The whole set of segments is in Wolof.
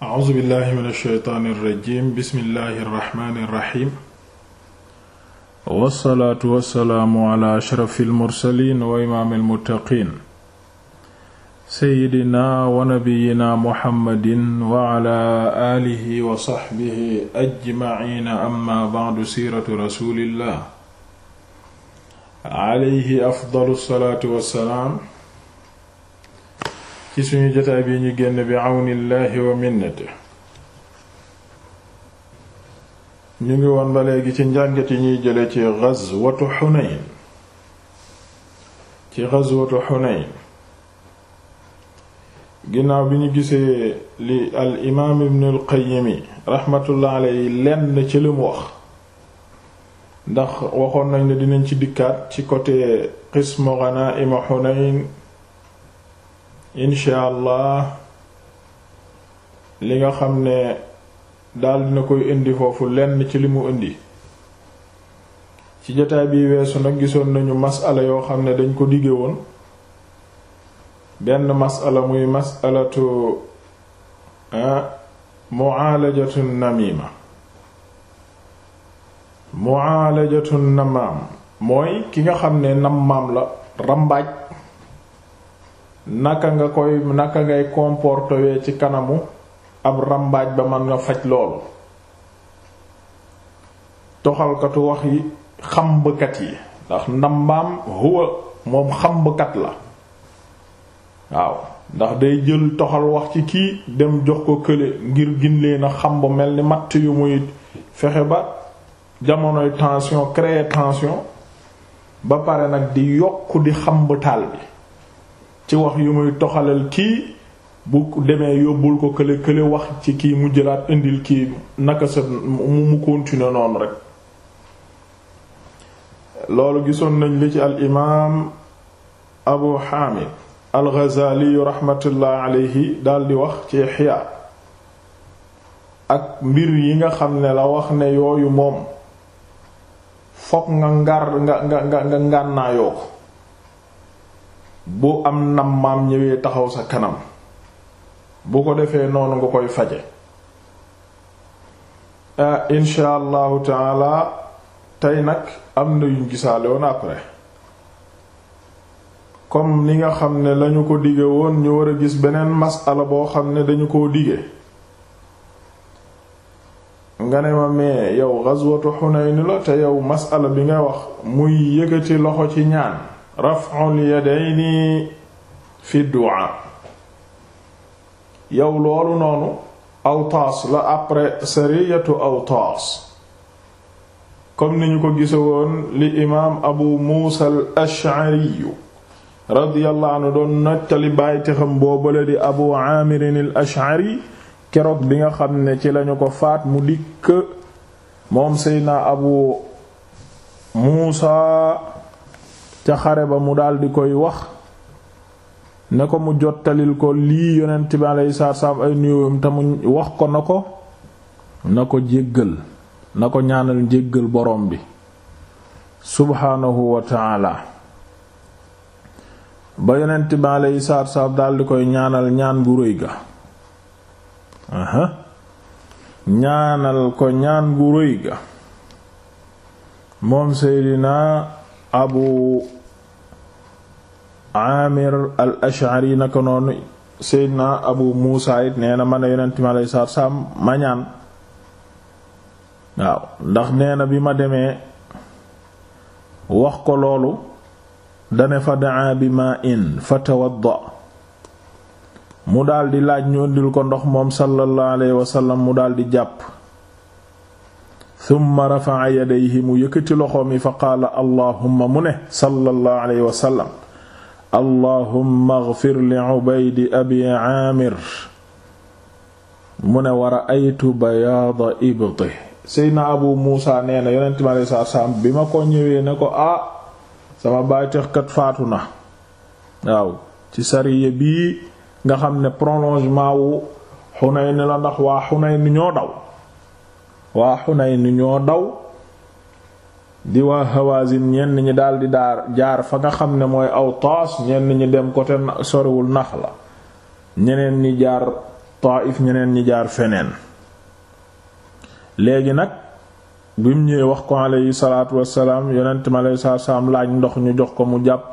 a'uuzu billahi min ash-shaytaani irrajim bismillahi irrahmani irrahim wassalaatu wassalaamu ala ashrafi almursalin wa imaami almuttaqin seydina wa nabiyina muhammadin wa ala aalihi wa saxbihi ajmaciina amma bacdu siiratu rasulillah alayhi afdalu salaatu wassalaam ci suñu jotaay bi ñu génn bi àwnillaahi wa minnati ñu ngi woon ba léegi ci njàngat yi ñuy jële ci ghazwatu Hunayn ci ghazwatu Hunayn ginnaaw bi ñu gisee li al imaam ibn al qayyimi raxmatullah alayhi lenn ci li mu wax ndax waxoon nañ ne dinañ ci dikkaat ci côté qismu ghanaa'im Hunayn incha allah li nga xam ne daal dina koy indi foofu lenn ci li mu indi ci jotaay bi weesu nag gisoon nañu masala yoo xam ne dañ ko digge woon benn masala muy masalatu ah, mu'aalajatu namima mu'aalajatu namaam mooy ki nga xam ne namaam la rambaaj naka nga koy naka ngay comportewee ci kanamu ab rambaaj ba mën nga faj loolu toxalkatu wax yi xambkat yi ndax ndambaam huwa moom xambkat la waaw ndax day jël toxal wax ci kii dem jox ko kële ngir ginlee na xamb mel ni matt yu muy fexe ba jamonoy tension créer tension ba pare nag di yokk di xamb bi ci wax yu muy toxalal kii bu demee yóbbul ko kële kële wax ci ki mu jëlaat indil kii naka sa mu mu noonu rek loolu gisoon nañ li ci al imaam abu xaamid al ghazali rahmatullah daldi wax ci ihya ak mbir yi nga xam ne la wax ne yooyu moom fokk nga ngar nga nga nga ngànnaayoo ko bu am nam maam ñëwee taxaw sa kanam bu ko defee noonu nga koy faje insha allahu taala tey nag am na yuñ gisaale woon après comme ni nga xam ne lañu ko dige woon ñu war a gis beneen masala boo xam ne dañu koo dige nga ne ma mais yow ghazwatu Hunayn la te yow masala bi nga wax muy yëkkati loxo ci ñaan raf'ul yadayni fi du'a yow loolu noonu Awtaas la après sariyatu Awtaas comme ni ko gisewoon woon li imaam Abu Muusa al-Ash'ari radiyallahu anhu doon nettali bàyyite xam boobale di Abu Aamir al-Ash'ari keroog bi nga xam ne ci lañu ko faat mu dikk moom Seydina Abu Muusa ca xare ba mu daldi koy wax ne ko mu jottalil ko lii yonent bi alayhi salaam ay nuyóowam te mu wax ko na ko na ko jéggal na ko ñaanal jéggal borom bi subhaanahu wa taala ba yonent yi alayhi salaam daldi koy ñaanal ñaan bu réy ga aha ñaanal ko ñaan gu rëy ga moom seydinaa abu amir al ashari naka noonu seydna abu muusa it nee na a yonent mi aleyhi salaatu ma ñaan waaw ndax nee bi ma demee wax ko loolu dane fa daa bi ma in fa tawadda mu daldi laaj ñu indil ko ndox moom sallallahu alayhi wasallam mu daldi jàpp thumma rafa'a yadayhi mu yëkkati loxoom yi fa qaala allahumma wa sallam allahumma ighfir li ubaydi abi abu muusa nee na yonent mi bi ma ko ñëwee ne ko ah sama bàytex kat faatu na waaw ci sariya bii nga xam ne prolongement wu Xunayn la ndax waa Xunayn ñoo daw waa ni ñoo daw di waa Hawazin ñenn ñi daldi daar jaar fa nga xam ne mooy aw Awtaas ñenn ñi dem sorewul nax la ñeneen ñi jaar Taif ñeneen ñi jaar feneen léegi nag bi mu ñëwee wax ko aleyhi salaatu wassalaam yonent mi aleyhi salaatu laaj ndox ñu jox ko mu jàpp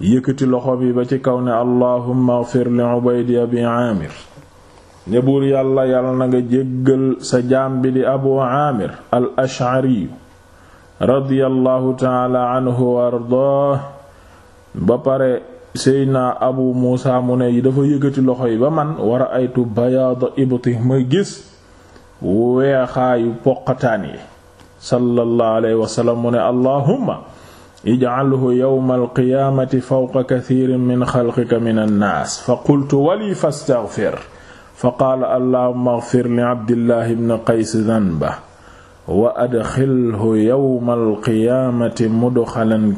yëkkati loxo bi ba ci kaw ne allahumma ighfir li ubaydi abi aamir ne buur yàlla yàlla na nga jéggal sa jaam bi di abu aamir al ashariyu radiyallahu taala anhu wa ardaah ba pare abu muusa mu ne yi loxo yi ba man war a aytu bayaada ibti gis weexaayu poqataan yi sallallahu alayhi wa sallam allahumma ij'alhu yawmal qiyaamati fawqa kathiirin min xalqika min annaas fa wali fastaghfir fa qaala allahumma ighfir li abdillah ibn qays dhanba wa adxilhu yawma alqiyaamati mudxalan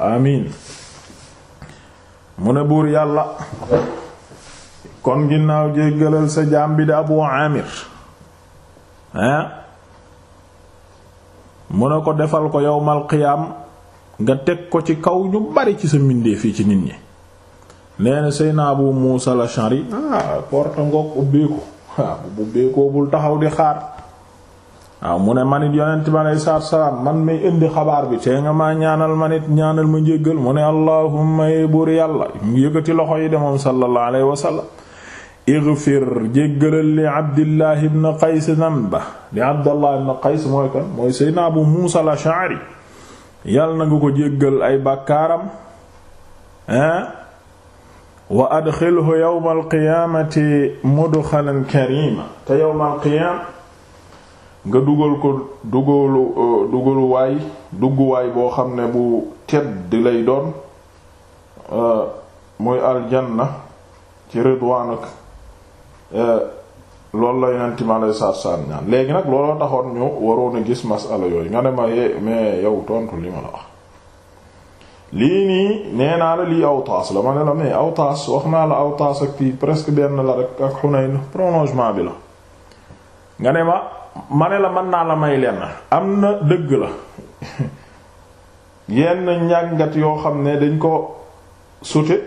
amiin mu ne buur yàlla kon ginnaaw jéggalal sa jaam bi di abu amir ah mu ne ko defal ko yawmal nga teg ko ci kaw ñu bari ci sa mbindeef yi ci nit ñi nee na naa Abu Muusa al-Ash'ari ah, porte ngoog ubbeeku waaw ah, ubbeekoo bul taxaw di xaar waaw ah, mu ne manit yonent bi aleyhi salaatu salaam man may indi xabaar bi tee nga maa ñaanal manit ñaanal ma njéggal mu ne allahumma buur yàlla yëkkati loxo yi de moom sallallahu alayhi wa sallam igfir jéggalal li abdillahi ibn qays damba li abdallah ibn qays mooy kan mooy Seyna Abu Muusa al-Ash'ari yàlla na nga ko jéggal ay bakkaaram hein wa adxilhu yawmal qiyaamati mudxalan karima te yawmal qiyaam nga dugal ko dugalu uh, dugaluwaay dugguwaay boo xam ne bu tedd lay doon uh, muy na ci ridwaanak uh, loolu la yonent mi alayhi salaatu salaam ñaan léegi nag looloo taxoon ñu waroon a gis masala yooyu nga ne ma eh, mais yow tontu li ma la wax lii nii nee naa la lii awtaas la ma ne la aw awtaas wax naa la aw awtaas ak fii presque benn la rek ak Hunayn prolongement bi la nga ne ma ma ne la man naa la may lenn am na dëgg la yenn njàngat yoo xam ne dañ ko sute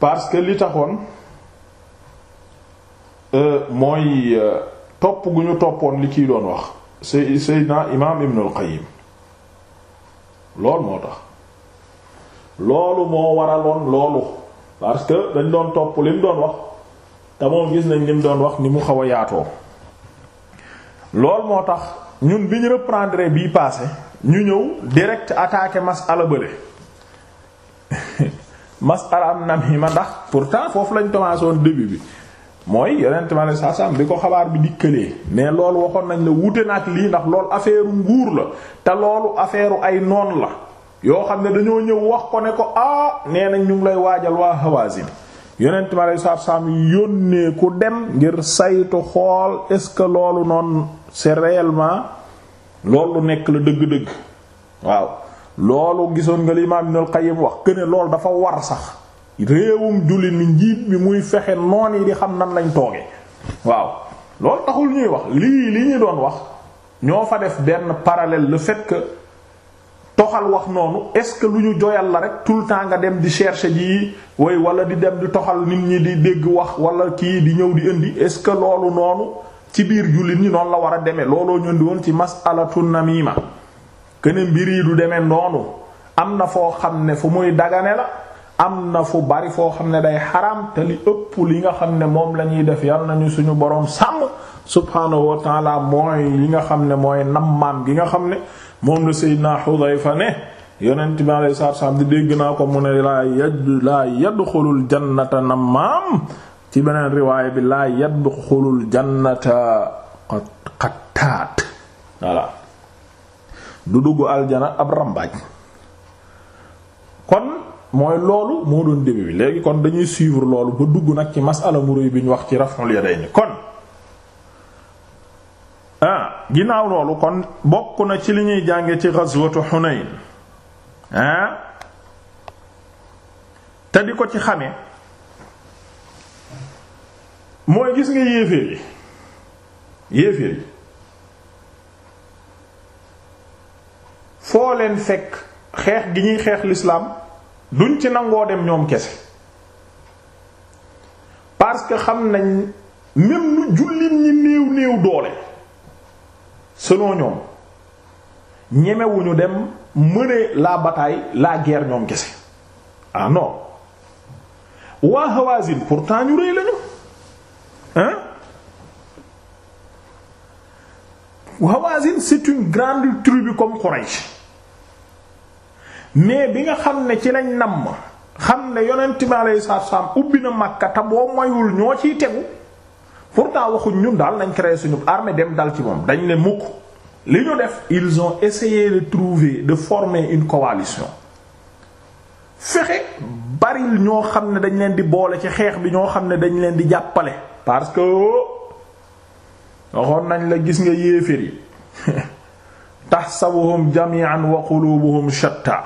parce que li taxoon euh, mooy euh, topp gu ñu toppoon li kiy doon wax Seydina imaam Ibnul Qayyim loolu moo tax loolu moo waraloon loolu parce que dañ doon topp li doon wax te moom gis nañ li doon wax ni mu xaw a yaatoo loolu moo tax ñun bi ñu reprendre bii passé ñu ñëw direct attaquer masala bële masala am nam yi ma ndax pourtant foofu lañ commencé woon bi mooy yeneen ma ne saa saam bi ko xabaar bi dikkalee mais loolu waxoon nañ la wute na lii ndax loolu affaire nguur la te loolu affaire ay noon la yoo xam ne dañoo ñëw wax ko ne ko ah nee nañ ñu ngi lay waajal waa Hawazin yonent ma ne saa saam yónnee ku dem ngir saytu xool est-ce que loolu noon c'est réellement loolu nekk la dëgg-dëgg waaw loolu gisoon nga li Imaam Ibnul Qayyim wax que ne loolu dafa war sax. réewum jullit ni njiit bi muy fexe noon yi di xam nan lañu tooge waaw loolu taxul ñuy wax lii li ñu doon wax ñoo fa def benn parallèle la fait toxal wax noonu est-ce que lu ñu joyal la rek tout le temps nga dem di chercher ji woy wala di dem di toxal nit ñi di dégg wax wala kii di ñëw di indi est-ce que loolu noonu ci biir jullit ñi noonu la war a demee looloo ñu indi woon ci mas'alatu namima keneen mbir yi du demee noonu am na foo xam ne fu muy dagane la. am na fu bari foo xam ne day xaram te li ëpp li nga xam ne moom lañuy def yal nañu suñu boroom sàmm subhaanahu wa taala mooy li nga xam ne mooy nammaam gi nga xam ne moom la Seydina Xudayfa ne yonent bi alayhi salaatu di dégg naa ko mu ne laa yad laa yadxulul jannata nammaam ci beneen riwaaya bi laa yadxulul jannata qattaat voilà du dugg aljana ab rambaaj kon mooy loolu moo doon début bi léegi kon dañuy suivre loolu ba dugg nag ci masala mu rëy bi ñu wax ci raf'ul yadayni kon ah ginnaaw loolu kon bokk na ci li ñuy jànge ci ghazwatu Hunayn ah te di ko ci xamee mooy gis nga yéeféer yi yéeféer yi foo leen fekk xeex gi ñuy xeex lislaam duñ ci nangoo dem ñoom kese parce que xam nañ même lu jullit ñi néew néew doole selon ñoom ñemewuñu dem mener la bataille laa ger ñoom kese ah non waa Hawazin pourtant ñu rëy lañu hein Hawazin c'est une grande tribu comme Quraysh mais bi nga xam ne ci lañ namm xam ne yonent bi alayhi salaatu salaam ubbi na Makka te boo moywul ñoo ciy tegu pourtant waxuñ ñun daal nañ créé suñu armée dem dal ci moom dañ ne mukk li ñu def ils ont essayé de trouver de former une coalition fexe baril ñoo xam ne dañ leen di boole ci xeex bi ñoo xam ne dañ leen di jàppale parce que waxoon nañ la gis nga yéefér yi tahsabuhum jami'an wa qulubuhum shatta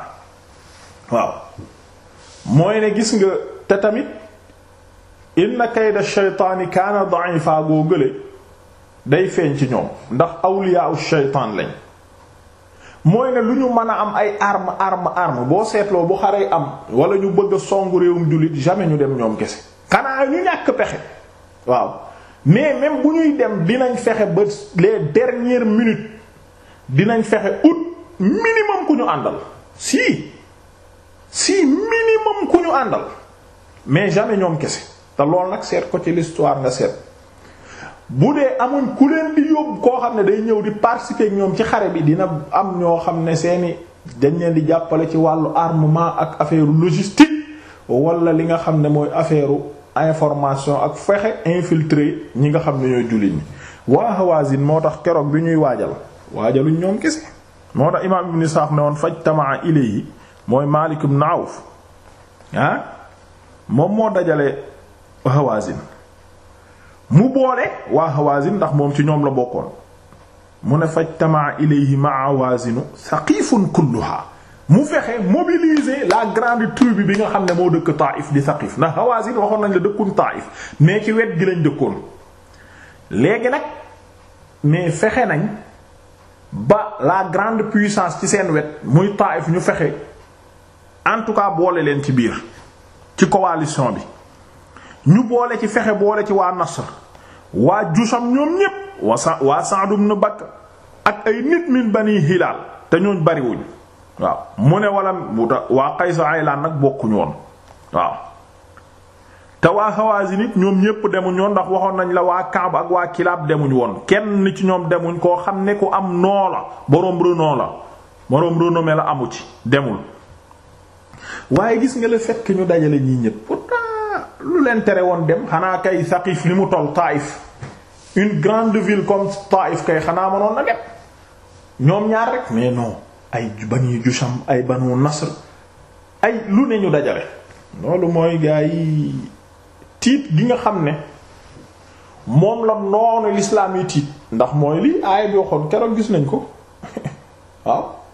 waaw mooy ne gis nga te tamit inna kayda shaytaani kaana da'ifa goo gële day feeñ ci ñoom ndax awliyaa'u shaytaan lañ mooy ne lu ñu mën a am ay arme arm arme boo seetloo bu xaree am wala ñu bëgg a songu réewum jullit jamais ñu dem ñoom kese xanaa ñu ñàkk pexe waaw mais même bu ñuy dem dinañ fexe ba les dernières minutes dinañ fexe août minimum ku ñu àndal si si minimum ku ñu àndal mais jamais ñoom kese te loolu nag seet ko ci l'histoire nga seet bu dee amuñ ku leen di yóbbu koo xam ne day ñëw di participer ñoom ci xare bi dina am ñoo xam ne seeni dañ leen di jàppale ci wàllu armement ak affaire logistique wala li nga xam ne mooy affaire information ak fexe infiltrer ñi nga xam ne ñooy jullit ñi waa Hawazin moo tax keroog bi ñuy waajal waajaluñ ñoom kese moo tax imaam Ibn Sa'd ne woon fajtamaa ilayhi mooy Maalik ibn ah moom moo dajale Hawazin mu boole waa Hawazin ndax moom ci ñoom la bokkoon mu ne faj tamaa ilayhi ma'a Hawazinu Saqifun kulluha mu fexe mobiliser la grande tribu bi nga xam ne moo dëkk Taif di Saqif ndax Hawazin waxoon nañ la dëkkuñ Taif mais ci wet gi lañ dëkkoon léegi nag mais fexe nañ ba la grande puissance ci seen wet muy Taif ñu fexe. en tout cas boole leen ci biir ci coalition bi ñu boole ci fexe boole ci waa Nasr waa Jusam ñoom ñépp waa waa Sa'd ibn Bakr ak ay nit min bani Hilaal te ñooñ bariwuñ waaw mu ne wala waa Qays nag bokkuñu woon waaw te waa Hawazin ñoom ñépp demuñ woon ndax waxoon nañ la waa Kaab ak waa Kilaab demuñu woon kenn ci ñoom demuñ koo xam ne ku am noo la boroom renom la boroom renommé la amu ci demul waaye gis nga la fait ñu dajale ñii ñëpp pourtant lu leen tere woon dem xanaa kay Saqif li mu toll Taïf une grande ville comme Taïf kay xanaa mënoon na dem ñoom ñaar rek mais non ay bani Jusham ay banu Nasr ay lu ne ñu dajale loolu mooy gaa yi tiit gi nga xam ne moom la noonu l'islam yi tiit ndax mooy li aaya bi waxoon keroog gis nañ ko waaw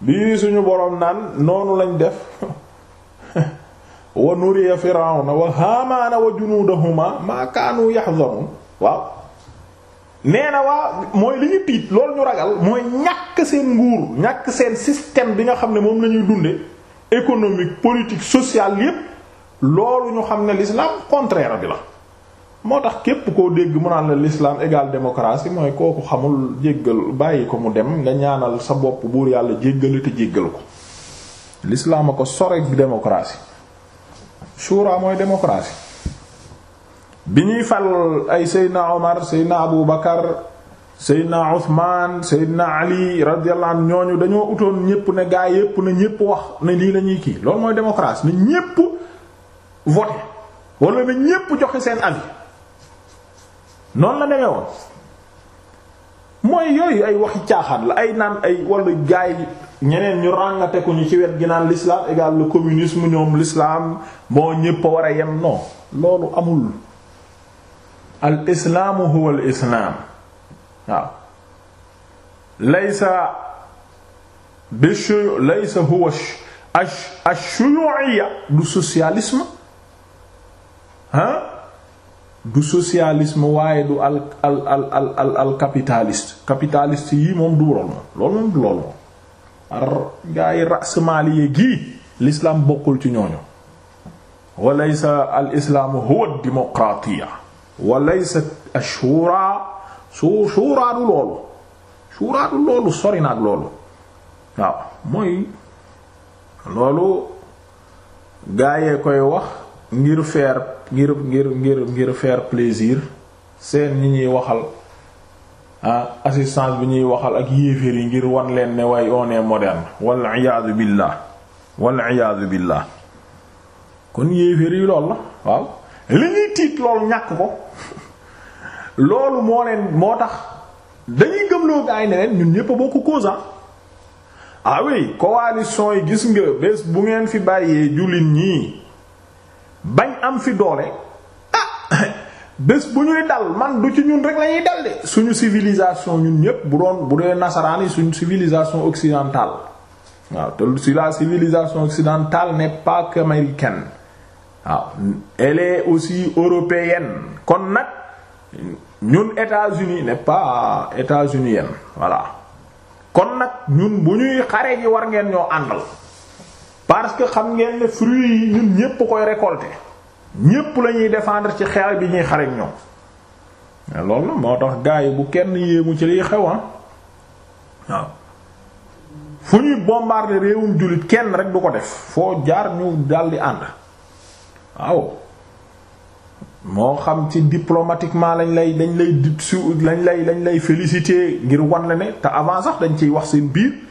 bii suñu boroom naan noonu lañu def wa nuriya firawna wa haamaana wa junuudahuma maa kaanu yahzarun waaw nee na waa mooy li ñu tiit loolu ñu ragal mooy ñàkk seen nguur ñàkk seen système bi nga xam ne moom lañuy ñuy dunde économique politique sociale yépp loolu ñu xam ne l'islam contraire bi la moo tax képp koo dégg mu naan la l'islam égal démocratie mooy kooku xamul jéggal bàyyi ko mu dem nga ñaanal sa bopp buur yàlla jéggale te jéggal ko l'islam a ko sore démocratie shura mooy démocratie bi ñuy fal ay Seydina Omar Seydina Abu Bakar Seydina Ousmane Ali radiyallahu ñooñu dañoo utoon ñépp ne gaa yépp na ñépp wax ne lii lañuy ñuy kii loolu mooy démocratie na ñépp voté wala na ñépp joxe seen avis noonu la demee woon mooy yooyu ay waxi caaxaan la ay naan ay wala gaay ñeneen ñu ràngate ko ci wet gi naan l'islam égal le communisme ñoom l'islam moo ñépp war a yem non loolu amul al islaamu huwa al islaam ash ash shuyu'iyya du socialisme du socialism waaye du al al al al al yii moom du lool moom loolu moom du lool moom gaa yi rasmaliye gii l'islam bokkul ci ñooñu walaysa al islaamu huwa demokratiya walaysa ashura su shura du loolu shura du loolu sori loolu mooy loolu gaa yee koy wax ngir faire ngir ngir ngir ngir faire plaisir seen ñi ñuy waxal ah assistance bi ñuy waxal ak yéeféer yi ngir wan leen ne way on est moderne wal iyaadu billah wal iyaadu billah kon yéeféer yi lool la waaw li ñuy tiit lool ñàkk ko loolu moo leen moo tax dañuy gëmloo gaay ne leen ñun ñépp a bokk cause ah, ah oui yi gis nga bés bu ngeen fi bàyyee jullit ñii bañ am fi doole ah bés bu ñuy dal man du ci ñun rek lañuy dal suñu civilisation ñun ñépp bu doon bu dee nasaraan yi suñu civilisation occidentale waaw te si la civilisation occidentale n'est pas qu'américaine waaw elle est aussi européenne kon nag ñun États-Unis n'est pas états-unienne voilà kon nag ñun bu ñuy xare ji war ngeen ñoo àndal parce que xam ngeen ne fruits yi ñun ñépp koy récolter ñépp la ñuy défendre ci xeex bi ñuy xare ak ñoom loolu moo tax gars yi bu kenn yéemu ci liy xew ah waaw fu ñuy bombarder réewum jullit kenn rek du ko def foo jaar ñu daldi ànd waaw moo xam ci diplomatiquement lañ lay dañ lay su lañ lay lañ lay féliciter ngir wan la ne te avant sax dañ ciy wax seen biir.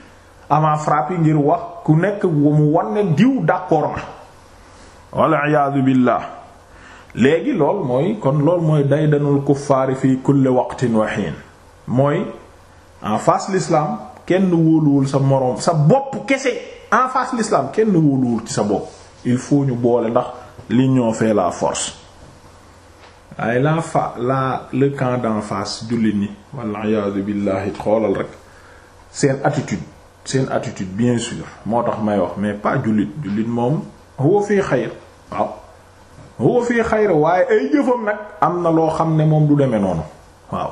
avant frappe ngir wax ku nekk mu wan ne diw d'accord na walla iyaadu billaah léegi lool mooy kon lool mooy daydanul kuffaari fi kulli waqtin wa mooy en face l'islam kenn wóoluwul sa moroom sa bopp kese en face l'islam kenn wóoluwul ci sa bopp il faut ñu boole ndax l'union fait la force waaye la fa la le camp d'en face jullit ñi walla iyaadu billaahi xoolal rek seen attitude seen attitude bien sûr moo tax may wax mais pas jullit jullit moom huwa fii xayr waaw huwa fii xayr waaye ay jëfam nag am na loo xam ne moom du demee noonu waaw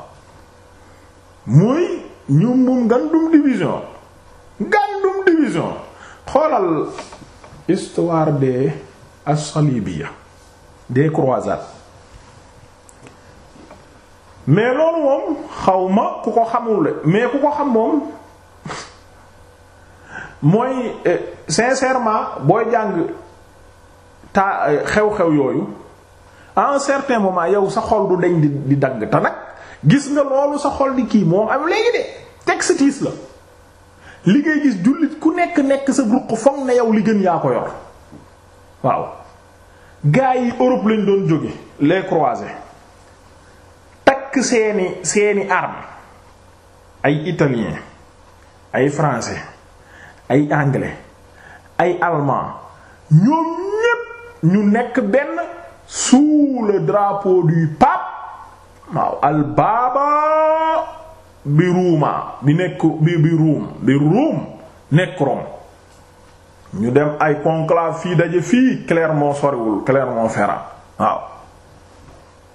mooy ñu mum ngandum division ngandum division xoolal histoire des as-salibiyya des mais loolu moom xaw ma ku ko xamul mais ku ko xam moom mooy eh, sincèrement booy jàng ta eh, xew-xew yooyu à un certain yow sa xol du deñ di di dagg te nag gis nga loolu sa xol di kii moom am léegi de textiis la li ngay gis jullit ku nekk nekk sa ruq foog ne yow li gën yaa ko yor waaw gars yi Europe lañ doon jóge les croisés takk seeni seeni armes ay italiens ay français ay anglais ay allemand ñoom ñépp ñu nekk benn sous le drapeau du pape waaw al bi ruuma bi nekk bi bi ruum bi ruum nekk Rome ñu dem ay conclave fii daje fii Clermont soriwul Clermont-Ferrand waaw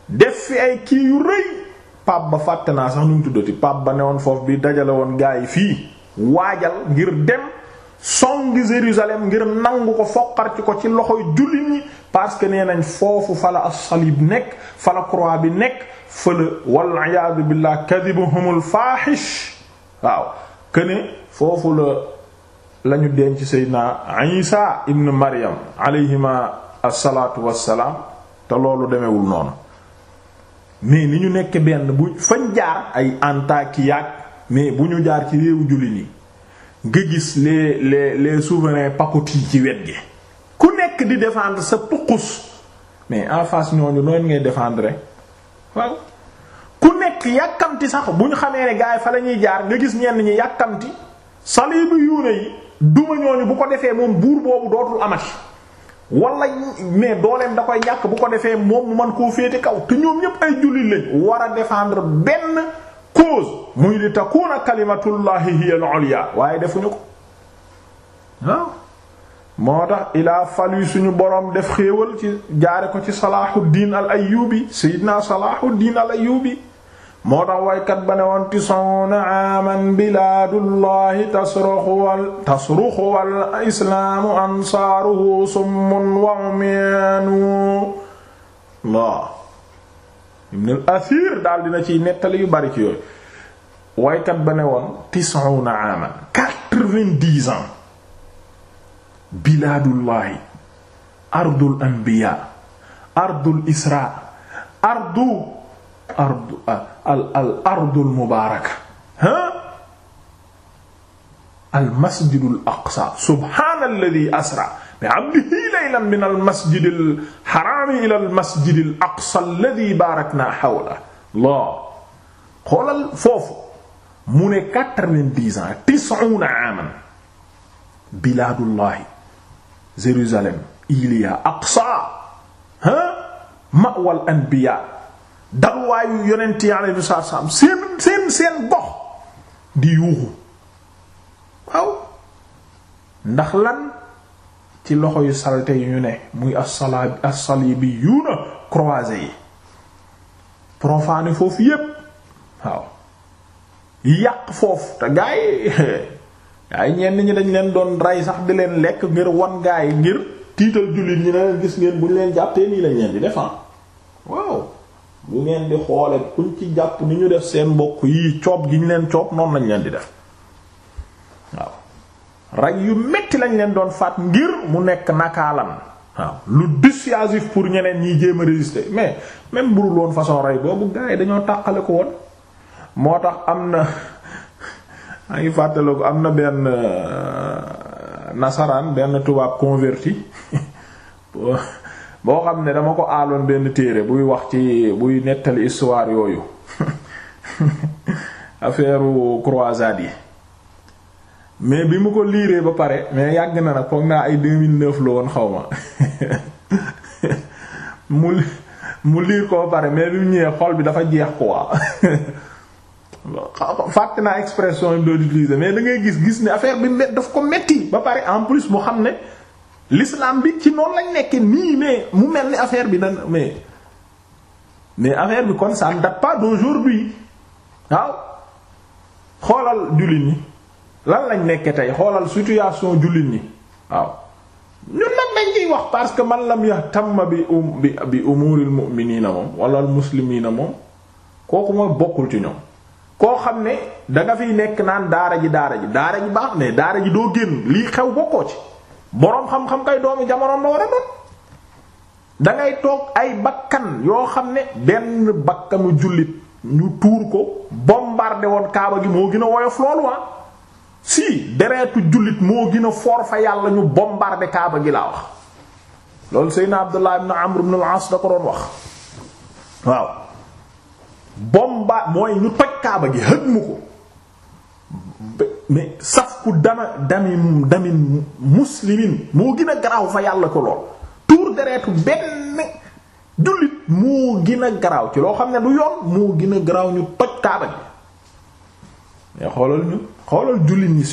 def fi ay kii yu rëy pape ba fàtte naa sax nu mu tuddati pape ba newoon foofu bi dajale woon gaa yi fii waajal ngir dem songi Jérusalem ngir nangu ko foqar ko ci loxoy jullit ñi parce que nee nañ foofu fala as-salib nekk fala croix bi nekk fëla wal iyaadu billah kadibuhumul faaxish waaw këne foofu la lañu denc seydina Isa ibn Maryam alayhima assalaatu wassalaam te loolu demewul noonu mais ni ñu nekk benn bu fañ jaar ay Antakiya mais bu ñu jaar ci réewu jullit ñi nga gis les les les souverains pacotille ci wet gi ku nekk di defendre sa pukus mais en face ñooñu noonu ngay défendre waaw ku nekk yàkkamti sax bu ñu xamee ne gars fa la ñuy jaar nga gis ñenn ñi yàkkamti salibu yuune yi duma ñooñu bu ko defee moom buur boobu dootul amati wala mais dooleem da koy ñàkk bu ko defee moom mu mën koo féete kaw te ñoom ñépp ay jullit lañ war a défendre benn cause muy li takuna kalimatullahi hiya al-ulya waaye defuñu ko waaw moo tax il a fallu suñu boroom def xéewal ci jaare ko ci Salahuddin al-Ayyubi Seydina Salahuddin al-Ayyubi moo tax waykat ba ne woon tis'una aaman bilaadullahi tasruxu wal tasruxu wal islaamu wa umyaanu ibn al asiir daal dina ciy nettali yu bari ci yooyu waykat ba ne woon tis'una aaman quatre-vingt-dix ans bilaadullahi ardul anbiyaa ardul israa ardu ardu ah, al al ardul mubaaraka ha al masjidul aqsa subhaanalladhi asra bi abdihi laylan min al masjidil xaraami ila al masjidil aqsa alladhi baarakna hawla loo xoolal foofu mu ne quatre-vingt-dix ans tis'una aaman bilaadullahi Jérusalem iliya aqsa ha ma'wal anbiya dalwaayu yonent yi alayhi salaam seen seen seen gox di yuuxu waaw ndax lan ci loxo yu salte yu ñu ne muy asala as-salibi yuuna croisé yi profané foofu yépp waaw yàq foofu te gaa yi gaa yi ñenn ñi dañ leen doon rey sax di leen lekk ngir wan gaa yi ngir tiital jullit ñi ne leen gis ngeen bu ñu leen jàppee nii lañ leen di def ah. waaw bu ngeen di xoole kuñ ci jàpp ni ñu def seen mbokk yi coob gi ñu leen coob noonu lañ leen di def rey yu metti lañ leen doon faat ngir mu nekk nakaalam waaw lu dissuasif pour ñeneen ñiy jéem a résister mais même burul woon façon rey boobu gars dañoo tàqale ko woon moo tax am na maa ngi fàttale ko am na benn euh, nasaraan benn tubaab converti boo xam ne dama ko aaloon benn téere buy wax ci buy nettali histoire yooyu affaire croisade yi mais bi mu ko liiree ba pare mais yàgg na nag foog naa ay 2009 la woon xaw ma mu liir ko ba pare mais bi mu ñëwee xol bi dafa jeex quoi fàtte naa expression yi utiliser mais da ngay gis gis ne affaire bi daf ko metti ba pare en plus mu xam ne l'islam bi ci noonu lañ nekke nii mais mu mel ni affaire bi nan mais mais affaire bi kon ça ne date pas d'aujourd'hui waaw xoolal jullit ñi lan lañ nekke tey xoolal situation jullit ñi waaw ñun nag dañ ciy wax parce que man la lam yahtamma bi um bi bi umuril mu'minina moom wala al muslimina moom kooku mooy bokkul ci ñoom koo xam ne da nga fiy nekk naan daara ji daara ji daara ji baax ne daara ji doo génn lii xew bokkoo ci boroom xam-xam kay doomi jamonoom la war a toog ay bakkan yoo xam ne benn bakkanu jullit ñu tuur ko bombardé woon kaaba gi moo gën a woyof loolu waa ah si deretu jullit moo gën a foor fa yàlla ñu bombardé Kaaba gi laa wax loolu Seydina Abdullah ibn Amr ibn al-As da ko doon wax waaw bomba mooy ñu toj Kaaba gi hëj mu ko mais saf ku dama dami dami muslimin moo gën a garaaw fa yàlla ko lool tuur deretu benn jullit moo gën a garaaw ci loo xam ne du yoon moo gën a garaaw ñu toj Kaaba gi xoolal ñu xoolal jullit ñi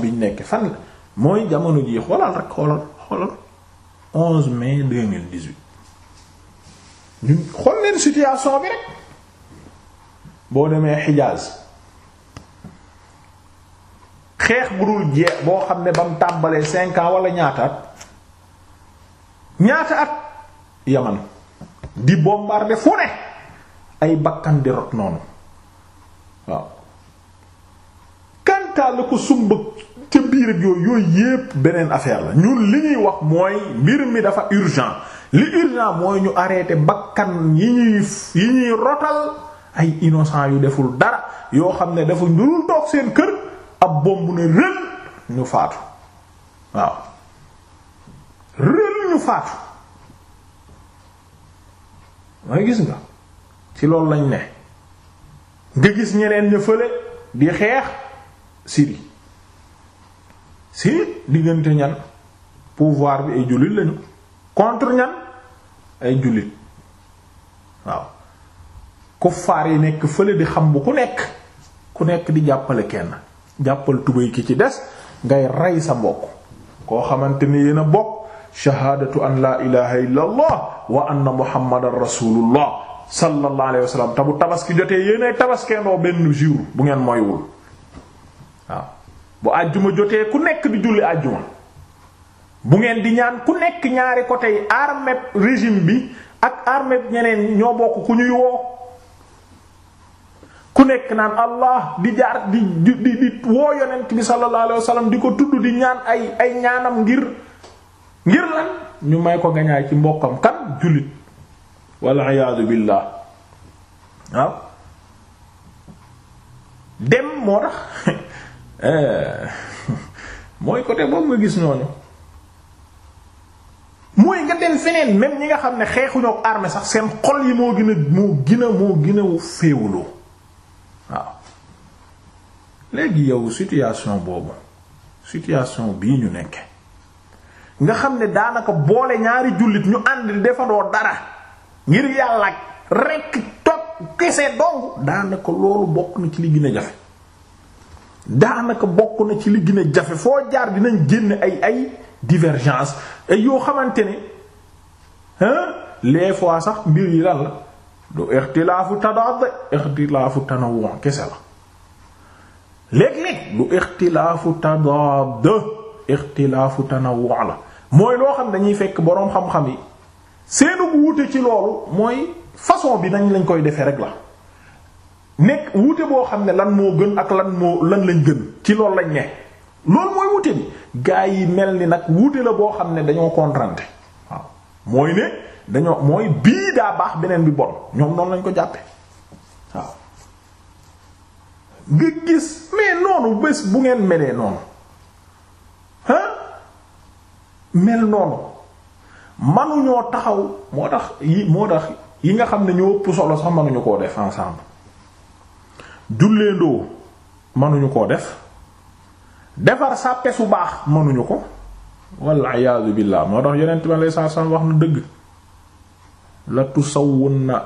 bi ñu nekk fan la mooy jamono jii xoolal rek xoolal xoolal 11 mai 2018 ñun xool leen situation bi rek boo demee Hijaz xeex bu dul jeex boo xam ne ba mu tàmbalee 5 ans wala ñaata at ñaata at Yaman di bombarder fu ne ay bakkan di rot noonu waaw. hatta la ko sumb ca biir yooyu yépp beneen affaire la ñun li ñuy wax mooy mbir mi dafa urgent li urgent mooy ñu arrêté bakkan yi ñuy yi ñuy rotal ay innocent yu deful dara yoo xam ne dafa dul toog seen kër ab bomb ne rël ñu faatu waaw rël ñu faatu mooy gis nga ci loolu lañ ne nga gis ñeneen ñu di xeex Syrie si diggante ñan pouvoir bi ay jullit lañu contre ñan ay jullit waaw kuffaar yi nekk fële di xam bu ku nekk ku nekk di jàppale kenn jàppal tubéy ki ci des ngay rey sa mbokk koo xamante ni yéen a bokk shahaadatu an laa ilaha illa allah wa anna muhammadan rasulullah sallallahu alayhi wa sallam te bu tabaski jotee yéenay tabaskee ndoo benn jour bu ngeen moywul waaw bu àjjuma jotee ku nekk di julli àjjuma bu ngeen di ñaan ku nekk ñaari côté yi armée régime bi ak armée ñeneen ñoo bokk ku ñuy woo ku nekk naan allah di jaar di di di woo yonent bi sallallahu alayhi di ko tudd di ñaan ay ay ñaanam ngir ngir lan ñu may ko gañaay ci mbokkam kan jullit walla iyaadu billaah waaw dem moo tax Eh, mooy côté boobu ma gis noonu mooy nga leen feneen même ñi nga xam ne xeexuñoo armée sax seen xol yi moo gën a moo gën a moo gën a féewuloo waaw léegi yow situation boobu situation bii ñu nekk nga xam ne daanaka boole ñaari jullit ñu ànd di defandoo dara ngir yàlla rekk topp kese dong daanaka loolu bokk na ci li gën a jafe daanaka bokk na ci li gën jafe foo jaar dinañ génn ay ay divergence ay yoo xamante ne hein les fois sax mbir yi lan la du ixtilaafu tadaad ixtilaafu tanawwu kese la léeg-léeg du ixtilaafu tadaad ixtilaafu tanawwu la mooy loo xam dañuy fekk boroom xam-xam yi seenu bu wute ci loolu mooy façon bi nañ lañ koy defee rek la nekk wuute boo xam ne lan moo gën ak lan moo lan lañ gën ci lool lañ ne loolu mooy wuute bi gaa yi mel ni nag wuute la boo xam ne dañoo contrante waaw mooy ne dañoo mooy bii daa baax beneen bi bon ñoom noonu lañ ko jàppe waaw nga gis mais noonu bés bu ngeen melee noonu ah mel noonu manuñoo taxaw moo tax yi moo tax yi nga xam ne ñoo ëpp solo sax manuñu koo def ensemble julleendoo mënuñu koo def defar sàppe su baax mënuñu ko walla iyaazu billaah moo tax yonent bi alayhi salaam wax na dëgg la tusawwunna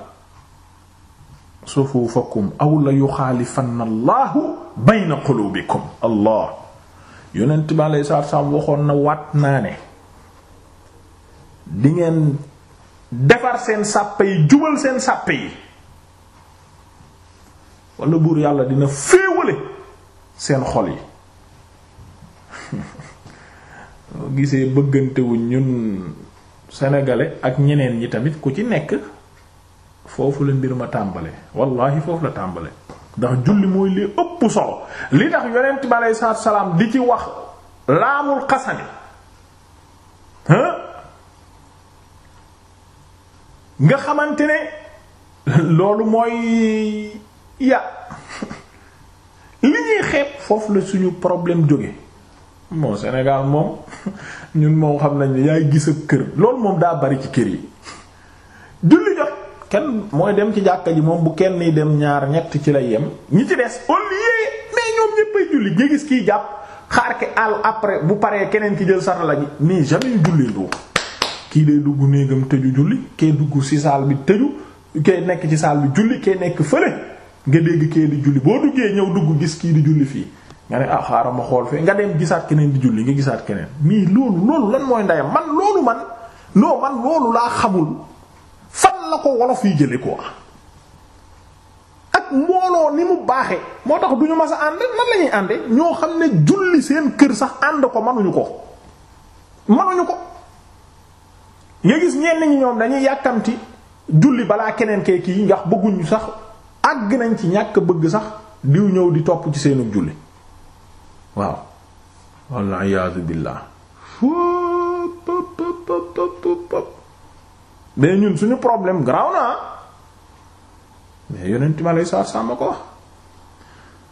sufuufakum aw la yuxaalifanna allahu bayna quluubikum allah yonent bi alayhi salaam waxoon na wat naa ne di ngeen defar seen sàppe yi jubal seen sàppe yi wala buur yàlla dina féewale seen xol yi gisee bëggantewuñ ñun sénégalais ak ñeneen ñi tamit ku ci nekk foofu la mbir ma tàmbale wallahi foofu la tàmbale ndax julli mooy li ëpp solo li tax yonent bi aleyhi salaam di ci wax laamul xasani nga xamante ne loolu mooy ya li ñuy xeeb foofu la suñu problème jóge moo Sénégal moom ñun moom xam nañ ne yaay gis ak kër loolu moom daa bari ci kër yi julli jot kenn mooy dem ci jàkka ji moom bu kenn ni dem ñaar ñett ci la yem ñi ci des au lieu mais ñoom ñéppay julli nga gis kiy jàpp xaar ki àll après bu paree keneen ki jël satala ji nii jamais yu kii day dugg néegam tëju julli kee dugg ci saal bi tëju kee nekk ci saal bi julli kee nekk fële nga dégg kee di julli boo duggee ñëw dugg gis kii di julli fii nga ne ah xaaral ma xool fee nga dem gisaat keneen di julli nga gisaat keneen mais loolu loolu lan mooy ndeyam man loolu man man loolu laa xamul fan la ko wolof yi jëlee quoi ak mbooloo ni mu baaxee moo tax du ñu mas a ànd nan la ñuy ñoo xam ne julli seen kër sax ànd ko manuñu ko manuñu ko nga gis ñenn ñi ñoom dañuy yàkkamti julli balaa keneen kee kii ndax bëgguñu sax. àgg nañ ci ñàkk bëgg sax diw ñëw di topp ci seenu julli waaw walla iyaazu billaah mais ñun suñu problème graw na mais yonent ma lay saar sàmm ko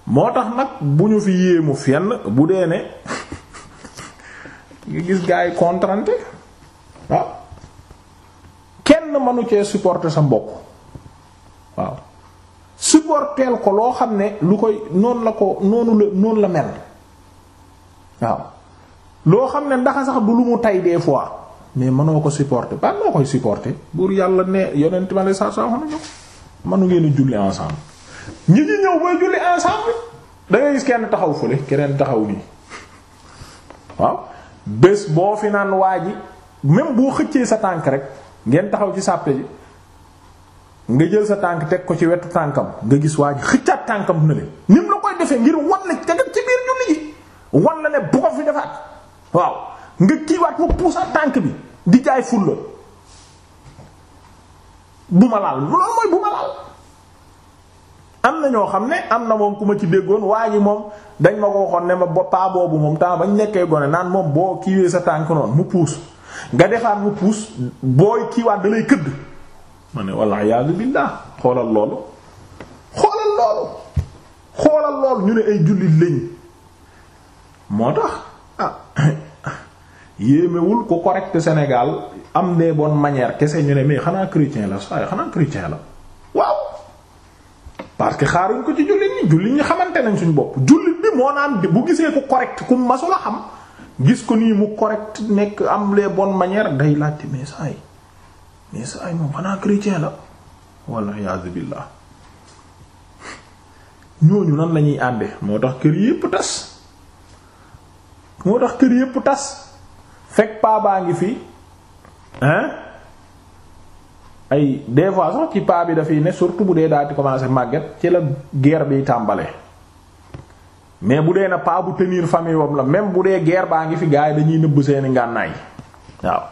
moo tax nag bu ñu fi yéemu fenn bu dee ne nga gis gaa yi contrante waaw ah. kenn mënu cee supporter sa mbokk supporteel ko loo xam ne lu koy noonu la ko noonu la noonu la mel waaw loo xam ne ndax sax du lu mu tay de fois mais mënoo ko supporter ba noo koy supporter buur yàlla ne yonent ma la saa saa xam ne manu ngeen julli ensemble ñi ñi ñëw bay julli ensemble da gis kenn taxaw fële keneen taxaw nii waaw bés boo fi naan waa ji même boo xëccee sa tànk rek ngeen taxaw ci sàppe ji nga jël sa tànk teg ko ci wetu tànkam nga gis waa ji xëccaat tànkam na leen ni mu la koy defee ngir wan la te ci biir julli ji wan la ne bu ko fi defaat waaw nga kiiwaat mu puusaat tànk bi di jaay fulla bu ma laal loolu mooy bu ma laal am na ñoo xam ne am na moom ku ma ci déggoon waa ji moom dañ ma woxoon ne ma paa boobu moom temps bañ nekkee gone naan moom boo kiiwee sa tànk noonu mu puus nga defaat mu puus booy kiiwaat da lay këdd ma ne walla iyaazu billaah xoolal loolu xoolal loolu xoolal loolu ñu ne ay jullit lañ moo tax ah yéemewul ku correct Sénégal am des bon manières kese ñu ne mais xanaa chrétien la saa xanaa chrétien la waaw parce que xaaruñ ko ci jullit ñi jullit ñi xamante nañ suñ bopp jullit bi moo naan bu gisee ku correct ku masul xam gis ko nii mu correct nekk am les bonnes manières day laajte mais saa mais sa ay moom xanaa chrétien la walla iyaazu billaah ñooñu nan lañuy ànde moo tax kër yépp tas moo tax kër yépp tas fekk paa baa ngi fi hein ay des fois sax ci paa bi dafay ne surtout bu dee daal di commencer màgget ci la geer biy tàmbale mais bu dee na paa bu tenir famille wam la même bu dee guerre baa ngi fi gars yi dañuy nëbb seeni ngànnaay waaw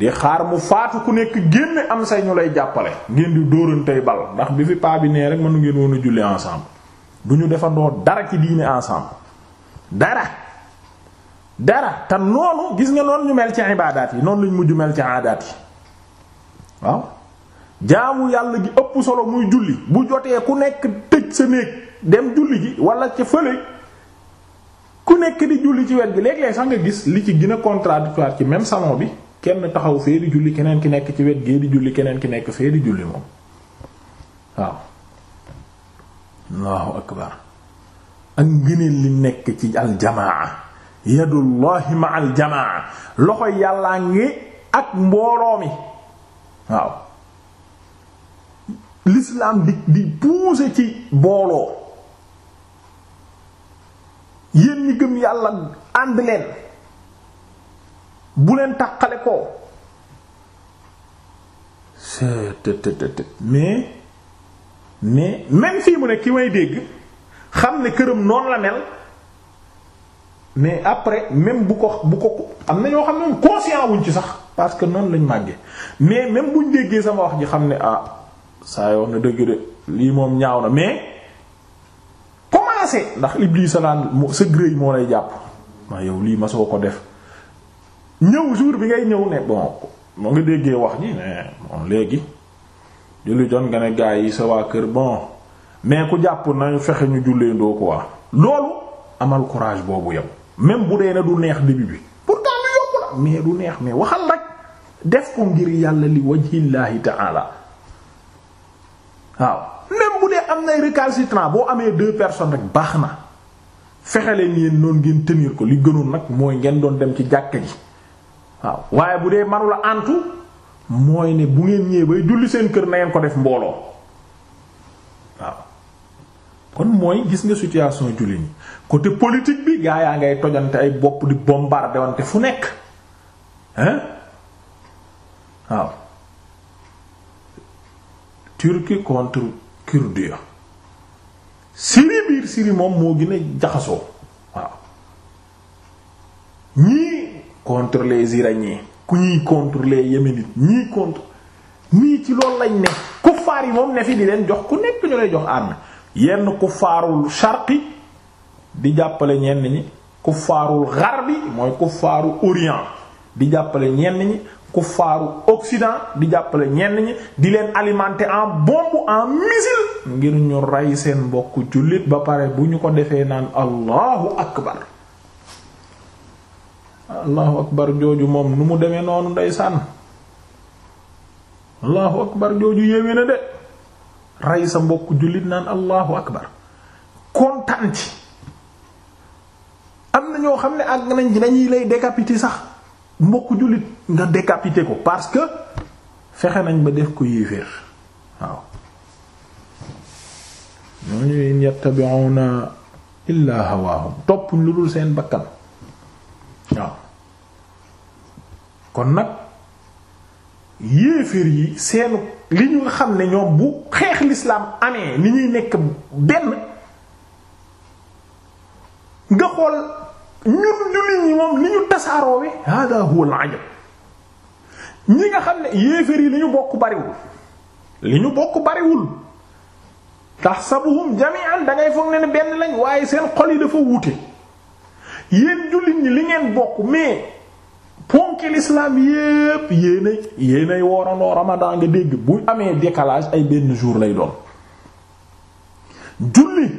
di xaar mu faatu ku nekk génn am say ñu lay jàppale ngeen di dóorantey bal ndax bi fi paa bi nee rek mënu ngeen woon a julli ensemble du ñu defandoo dara ci diine ensemble dara dara te noonu gis nga noonu ñu mel ci ibaadaat yi noonu lañ mujj mel ci aadaat yi waaw jaamu yàlla gi ëpp solo muy julli bu jotee ku nekk tëj sa néeg dem julli ji walla ca fële ku nekk di julli ci wet gi léeg-léeg sax nga gis li ci gën a contradictoire ci même salon bi kenn taxaw fee di julli keneen ki nekk ci wet gee di julli keneen ki nekk fee di julli moom waaw allahu akbar ak ngëneel li nekk ci aljamaa yadullahi ma aljamaa loxo yàlla ngi ak mbooloo mi waaw l'islam di di pousser ci mbooloo yéen ñi yàlla ànd leen bu leen tàqale koo mais mais même fii mu ne ki may dégg xam ne këram noonu la mel mais après même bu ko bu ko am na ñoo xam ne conscient wuñ ci sax parce que noonu lañ màggee mais même buñ déggee sama wax ji xam ne ah saa yoo na dëgg de lii moom ñaaw na mais commencé ndax Iblis naan sa gréy moo lay jàpp waaye yow lii ma soo ko def. ñëw jour bi ngay ñëw ne bon moo nga déggee wax ji mais bon léegi julli jot nga ne gaa yi sa waa kër bon mais ku jàpp nañu fexe ñu jullee ndoo ko waa loolu amal courage boobu yow même bu dee ne du neex début bi pourtant lu yokk la mais du neex mais waxal rek def ko ngir yàlla li wajhillaahi ta'ala waaw même bu dee am na récalcitrant boo amee deux personnes rek baax na fexe leen yéen noonu ngeen tenir ko li gënoon nag mooy ngeen doon dem ci jàkka ji. waaw waaye bu dee manula antu mooy ne bu ngeen ñëwee julli seen kër na ko def mbooloo waaw kon mooy gis nga situation julli ñi côté politique bi gaa yaa ngay tojante ay bopp di bombardé wante fu nekk hein waaw Turquie contre Kurdiya Syrie biir Syrie moom moo gën jaxasoo waaw ñii contre les Iraniens ku ñuy contre les yéménites ñii contre ci loolu lañ ne kuffaar yi moom ne fi di leen jox ku nekk ñu lay jox arme yenn kuffaarul sharqi di jàppale ñenn ñi kuffaarul gharbi mooy kuffaaru orient di jàppale ñenn ñi kuffaaru occident di jàppale ñenn ñi di leen alimenter en bombe en missile ngir ñu rey seen mbokk jullit ba pare bu ñu ko defee naan allahu akbar allahu akbar jooju moom nu mu demee noonu ndeysaan allahu akbar jooju yéeme na de rey sa mbokk jullit naan allahu akbar kontaan am na ñoo xam ne àgg nañ dañuy lay décapité sax mbokk jullit nga décapité ko parce que fexe nañ ba def ko yéeféer waaw ñooñu yattabi'una illa hawaahum toppuñ lu dul seen bakkan waaw kon nag yéeféer yi seenu li ñu nga xam ne ñoom bu xeex lislaam amee ni ñuy nekk benn nga xool ñun jullit ñi moom ni ñu tasaaroowe hada huwa al-ajab ñi nga xam ne yéeféer yi li ñu bokk bariwul li ñu bokk bariwul tax sabuhum jami'an dangay foog ne benn lañ waaye seen xol yi dafa wuute yéen jullit ñi li ngeen bokk mais ponki l'islam yépp yéenay yéenay woorandoo ramadan nga dégg bu amee décalage ay benn jour lay doon julli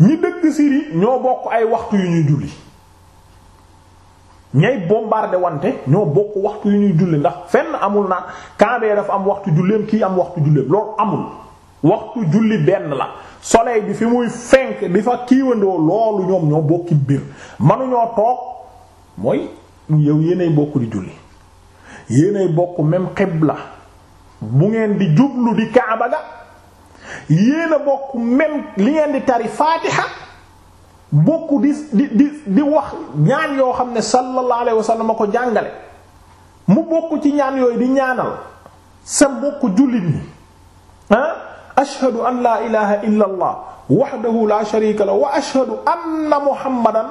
ñi dëkk Syrie ñoo bokk ay waxtu yu ñuy julli ñay bombardé wante ñoo bokk waxtu yu ñuy julli ndax fenn amul naa kambee dafa am waxtu julleem kii am waxtu julleem loolu amul waxtu julli benn la soleil bi fi muy fenk di fa kiiwandoo loolu ñoom ñoo bokki mbir manuñoo toog mooy yow yéenay bokk di julli yéenay bokk même xibla bu ngeen di jublu di kaaba ga yéen a bokk même li ngeen di tari faatiha bokk di di di di wax ñaan yoo xam ne sallallahu alayhi a ko jàngale mu bokk ci ñaan yooyu di ñaanal sa mbokk jullit ñi ashhadu an laa ilaha illa allah wahdahu la sharika lahu wa ashhadu anna muhammadan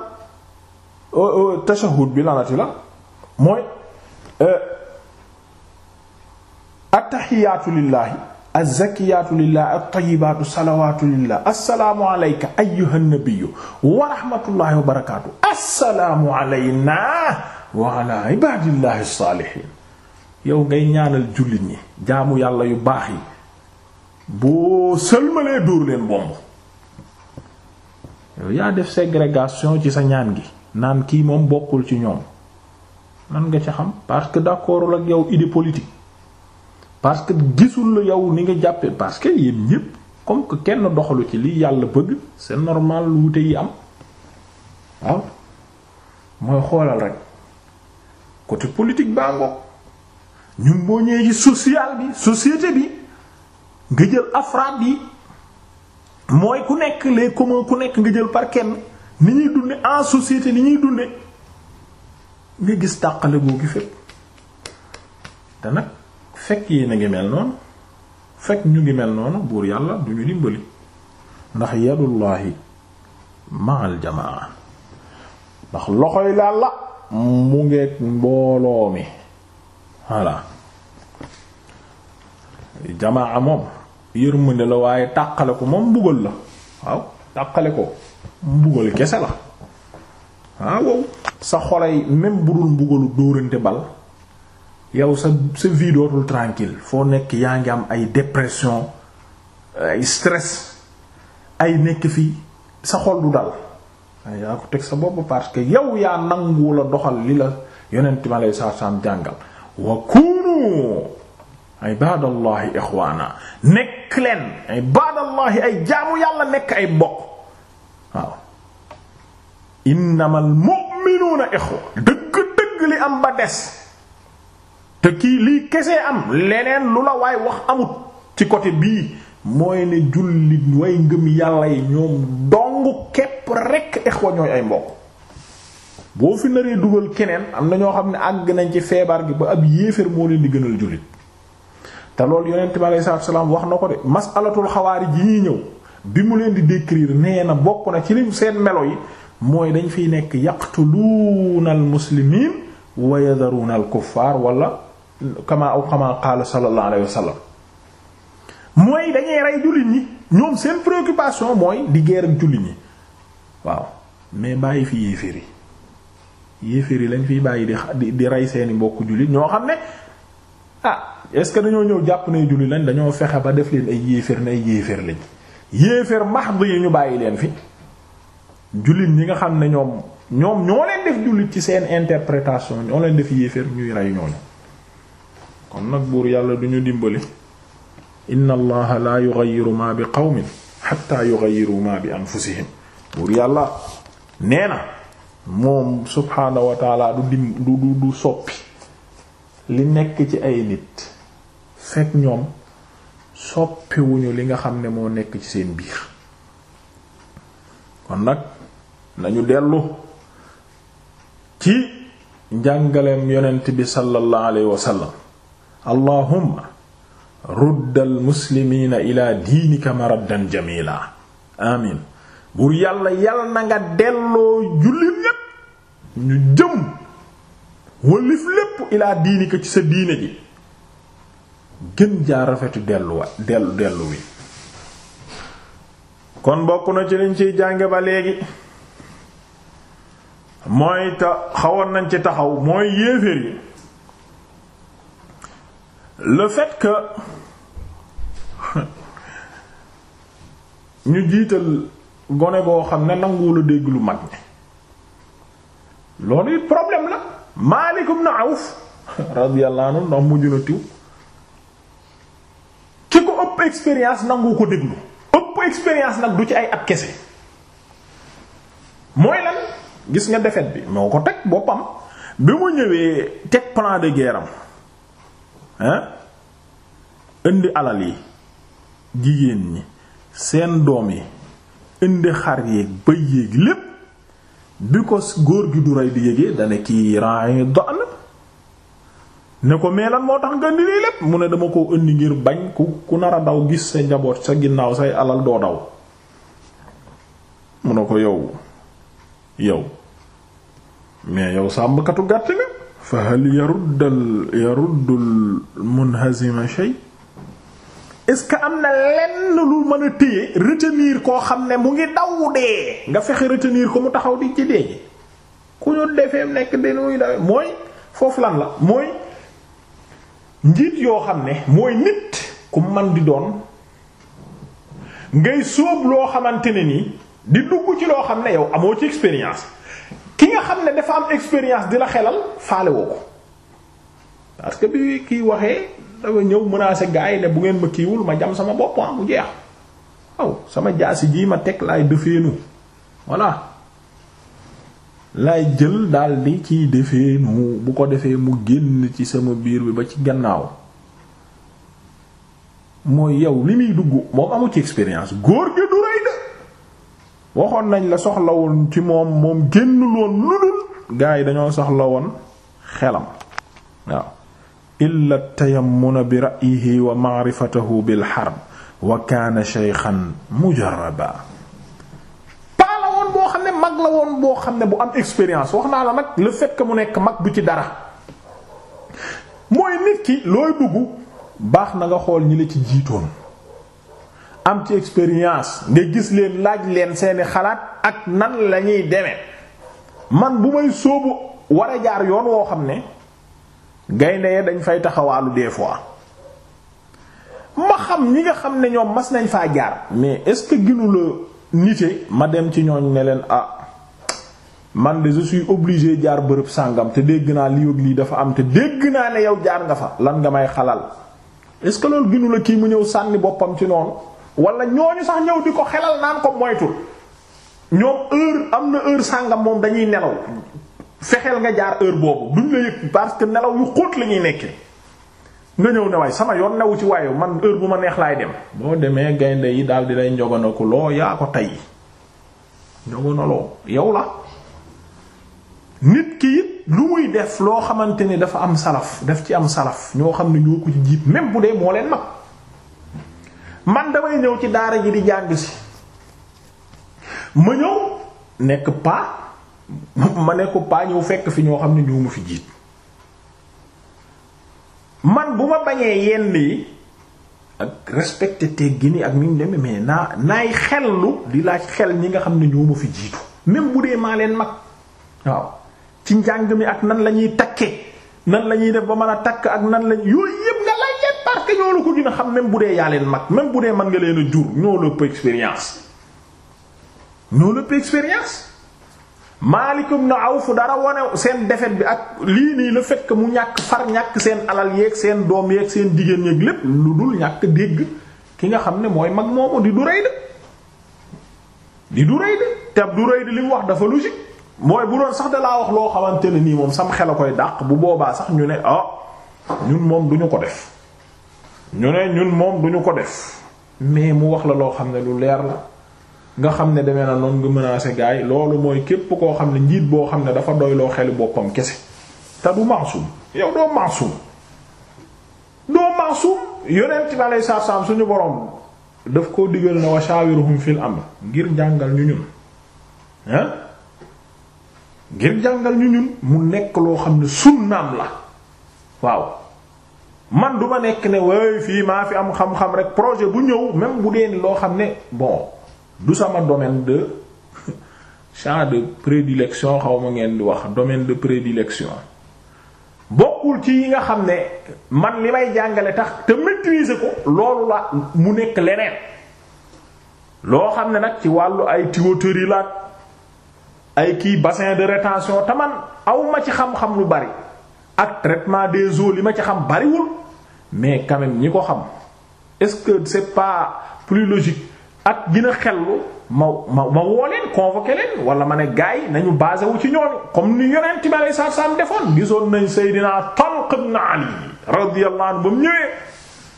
euh, euh, tashahhud bi lanati la mooy euh, attahiyaatu lillahi azzakiyaatu lillahi attayibaatu salawaatu lillahi assalaamu alayka ayyuha nabiyyu wa rahmatullahi wa barakaatu assalaamu alaynaa wa alaa ibaadillahi saalihiin yow ngay ñaanal jullit ñi jaamu yàlla yu baax yi boo sëlmalee dóor leen bomb yaa def ségrégation ci sa ñaan gi naan kii moom bokkul ci ñoom nan nga ci xam parce que d'accordul ak yow idée politique parce que gisul la yow ni nga jàppee parce que yéen ñépp comme que kenn doxalu ci li yàlla bëgg c'est normal wuute yi am waaw mooy xoolal rek côté politique baa ngoog ñun boo ñëwee ci social bi société bi nga jël afraad yi mooy ku nekk les communs ku nekk nga jël par kenn ni ñuy dunde en société ni ñuy dunde nga gis tàqale boo gi fépp te nag fekk yéen a ngi mel noonu fekk ñu ngi mel noonu buur yàlla du ñu dimbali ndax yadullahi ma'al jamaa ndax loxoy làlla mu ngeeg mbooloo mi voilà jamaa moom yërmande la waaye tàqale ko moom mbugal la waaw tàqale ko mbugal kese la ah, waaw sa xolay même bu dul mbugalu dóorante bal yow sa sa vie dootul tranquille foo nekk yaa ngi am ay dépression ay stress ay nekk fii sa xol du dal waaye yaa ko teg sa bopp parce que yow yaa nangu la doxal li la yonent ma lay saa saam jàngal wa kunu ibaadallahi ixwaana nekk leen ibaadallahi ay jaamu yàlla nekk ay mbokk waaw innamal mu'minuuna ixwa dëgg dëgg li am ba des te kii lii kese am leneen lu la waay wax amut ci côté bii mooy ne jullit way ngëm yàlla yi ñoom dong képp rekk ixwa ñooy ay mbokk boo fi naree dugal keneen am na ñoo xam ne àgg nañ ci feebar gi ba ab yéeféer moo leen di gënal jullit te loolu yonent bi alayhi salaatu salaam wax na ko de masalatul xawaari ji ñuy ñëw bi mu leen di décrire nee na bokk na ci li seen melo yi mooy dañ fiy nekk yaqtuluuna al muslimiin wa yadharuuna al kuffaar wala kamaa aw kamaa qaala sallallahu alayhi wa sallam mooy dañuy rey jullit ñi ñoom seen préoccupation mooy di guerre ak jullit ñi waaw mais bàyyi fi yéeféer yi yéeféer yi lañ fi bàyyi di di rey seeni mbokk jullit ñoo xam ne ah est-ce que dañoo ñëw jàpp nay julli lañ dañoo fexe ba def leen ay yéeféer ne ay yéeféer lañ yéeféer mahd yi ñu bàyyi leen fi jullit ñi nga xam ne ñoom ñoom ñoo leen def jullit ci seen interprétation ñoo leen def yéeféer ñuy rey ñooñu kon nag buur yàlla du ñu dimbali inna allaha la yughayyiru ma bi qawmin hatta yughayyiru ma bi anfusihim buur yàlla nee na moom subhaanahu wa du dim du du soppi li nekk ci ay nit fekk ñoom soppiwuñu li nga xam ne moo nekk ci seen biir kon nag nañu dellu ci njàngaleem yonent bi sallallahu alayhi wa sallam allahumma ruddal muslimiina ilaa diinika maraddan jamila amin buur yàlla yàlla na nga delloo jullit ñépp ñu jëm wëlif lépp ilaa diinika ci sa diine ji gën jaar rafetu delluwa dellu dellu wi kon bokk na ci liñ ciy jànge ba léegi mooy ta xawoon nañ ci taxaw mooy yéeféer yi le fait ñu jiital gone goo xam ne nanguwul a dégg lu mag ñi loolu it problème la Maalik ibn Awf radiyallahu anhu ndax mujj na tiw ëpp expérience nangu ko déglu ëpp expérience nag du ci ay at kese mooy lan gis nga defet bi moo ko teg boppam bi mu ñëwee teg plan de guerre indi alal yi jigéen ñi seen doom yi indi xar yéeg bëy yéeg lépp bi ko góor gi du rey di yégee dana kii ren yi do ne ko mais lan moo tax nga indi lii lépp mu ne dama koo indi ngir bañ ku ku nar a daw gis sa njaboot sa ginnaaw say alal doo daw mu ne ko yow yow mais yow sàmmkatu gàtt nga fa hal yaruddal yaruddul munhazima shay est-ce que am na lenn lu mën a téye retenir koo xam ne mu ngi daw dee nga fexe retenir ko mu taxaw di ci dee ku ñu defee nekk dañuy dawe mooy foofu lan la mooy njiit yoo xam ne mooy nit ku man di doon ngay sóob loo xamante ne nii di dugg ci loo xam ne yow amoo ci expérience ki nga xam ne dafa am expérience di la xelal faale woo ko parce que bi kiy waxee dafa ñëw menacer gars yi ne bu ngeen ma kiiwul ma jam sama bopp ah, mu jeex aw sama jaasi jii ma teg laay dëfeenu voilà lay jël daldi ciy defee nu bu ko defee mu génn ci sama biir bi ba ci gannaaw mooy yow li muy dugg moom amu ci expérience góor gi du rëy de waxoon nañ la soxlawul ci moom moom génnul woon lu dul gaa yi dañoo soxlawoon xelam waaw illa tayammuna bi ra'yihi wa ma'rifatahu bil harb wa kaana shaykhan mujarraba la woon boo xam ne bu am expérience wax naa la nag le fekk mu nekk mag bu ci dara mooy nit ki looy dugg baax na nga xool ñi la ci jiitoon am ci expérience nga gis leen laaj leen seeni xalaat ak nan lañuy ñuy man bu may sóobu war jaar yoon woo xam ne gaynde ya dañ fay taxawaalu des fois ma xam ñi nga xam ne ñoom mas nañ faa jaar mais est-ce que ginu la nite ma dem ci ñooñ ne leen ah man de je suis jaar bërëb sàngam te dégg naa lii ak lii dafa am te dégg naa ne yow jaar nga fa lan nga may xalal est-ce que loolu ginu la kii mu ñëw sànni boppam ci noonu wala ñooñu sax ñëw di ko xelal naan ko moytul ñoom heure am na heure sàngam moom dañuy nelaw fexeel nga jaar heure boobu duñ la yëg parce que nelaw yu xóot la ñuy nekkee nga ñëw ne waay sama yoon newu ci waaye man heure bu ma neex laay dem moo demee gaynde yi daal di lay njogona ko loo yaa ko tey njogona loo yow la nit ki lu muy def loo xamante ni dafa am salaf def ci am salaf ñoo xam ne ñoo ko ci jiit même bu dee moo leen mag man damay ñëw ci daara ji di jàng si ma ñëw nekk paa ma ko paa ñëw fekk fi ñoo xam ne ñoo ma fi jiit man bu ma bañee yenn ak respecté teggin yi ak mi ñu demee naa naay xellu di laaj xel ñi nga xam ne ñoo fi jiitu même bu dee maa leen mag waaw ci njàng mi ak nan la ñuy takkee nan la ñuy def ba mën a takk ak nan la yooyu yëpp nga laaj leen parce que ñoo la ko gën xam ne bu dee yaa leen mag même bu dee mën nga leen a jur ñoo la ëpp expérience ñoo la ëpp expérience Maalik ibn Awf dara wane seen défaite bi ak lii nii la fekk mu ñàkk far ñàkk seen alal yeeg seen doom yeeg seen jigéen yeeg lépp lu dul ñàkk dégg ki nga xam ne mooy mag moomu di du rëy de di du rëy de te du rëy de li mu wax dafa logique mooy bu doon sax dalaa wax loo xamante ne nii moom sam xel a koy dàq bu boobaa sax ñu ne ah ñun moom duñu ko def ñu moom duñu ko def mais mu wax la loo xam ne lu leer la nga xam ne demee na noonu nga menacé gaay loolu mooy képp koo xam ne njiit boo xam ne dafa doyloo xelu boppam kese te du maasum yow doo maasum doo maasum yonent ba lay saar-saam suñu borom daf koo digal na wa shawiruhum fil am ngir njàngal ñu ñun ngir jàngal ñu ñun mu nekk loo xam ne sunnaam la waaw man du nekk ne way fii maa fi am xam-xam rek projet bu ñëw même bu dee ni loo xam ne bon du sama domaine de champ de prédilection xaw ma ngeen di wax domaine de prédilection bokkul ci yi nga xam ne man li may jàngale tax te maîtriser ko loolu la mu nekk leneen loo xam ne nag ci wàllu ay tuyauterie la ay kii bassin de rétention te man aw ma ci xam-xam lu bari ak traitement des eaux li ma ci xam bariwul mais quand même ñi ko xam est-ce que c'est pas plus logique ak gën a xellu ma ma ma woo leen convoqué leen wala ma ne gars yi nañu basé wu ci ñoom comme ni yonent bi alayhi salaatu salaam defoon gisoon nañ Seydina Talq ibn Ali radiyallahu anhu ba mu ñëwee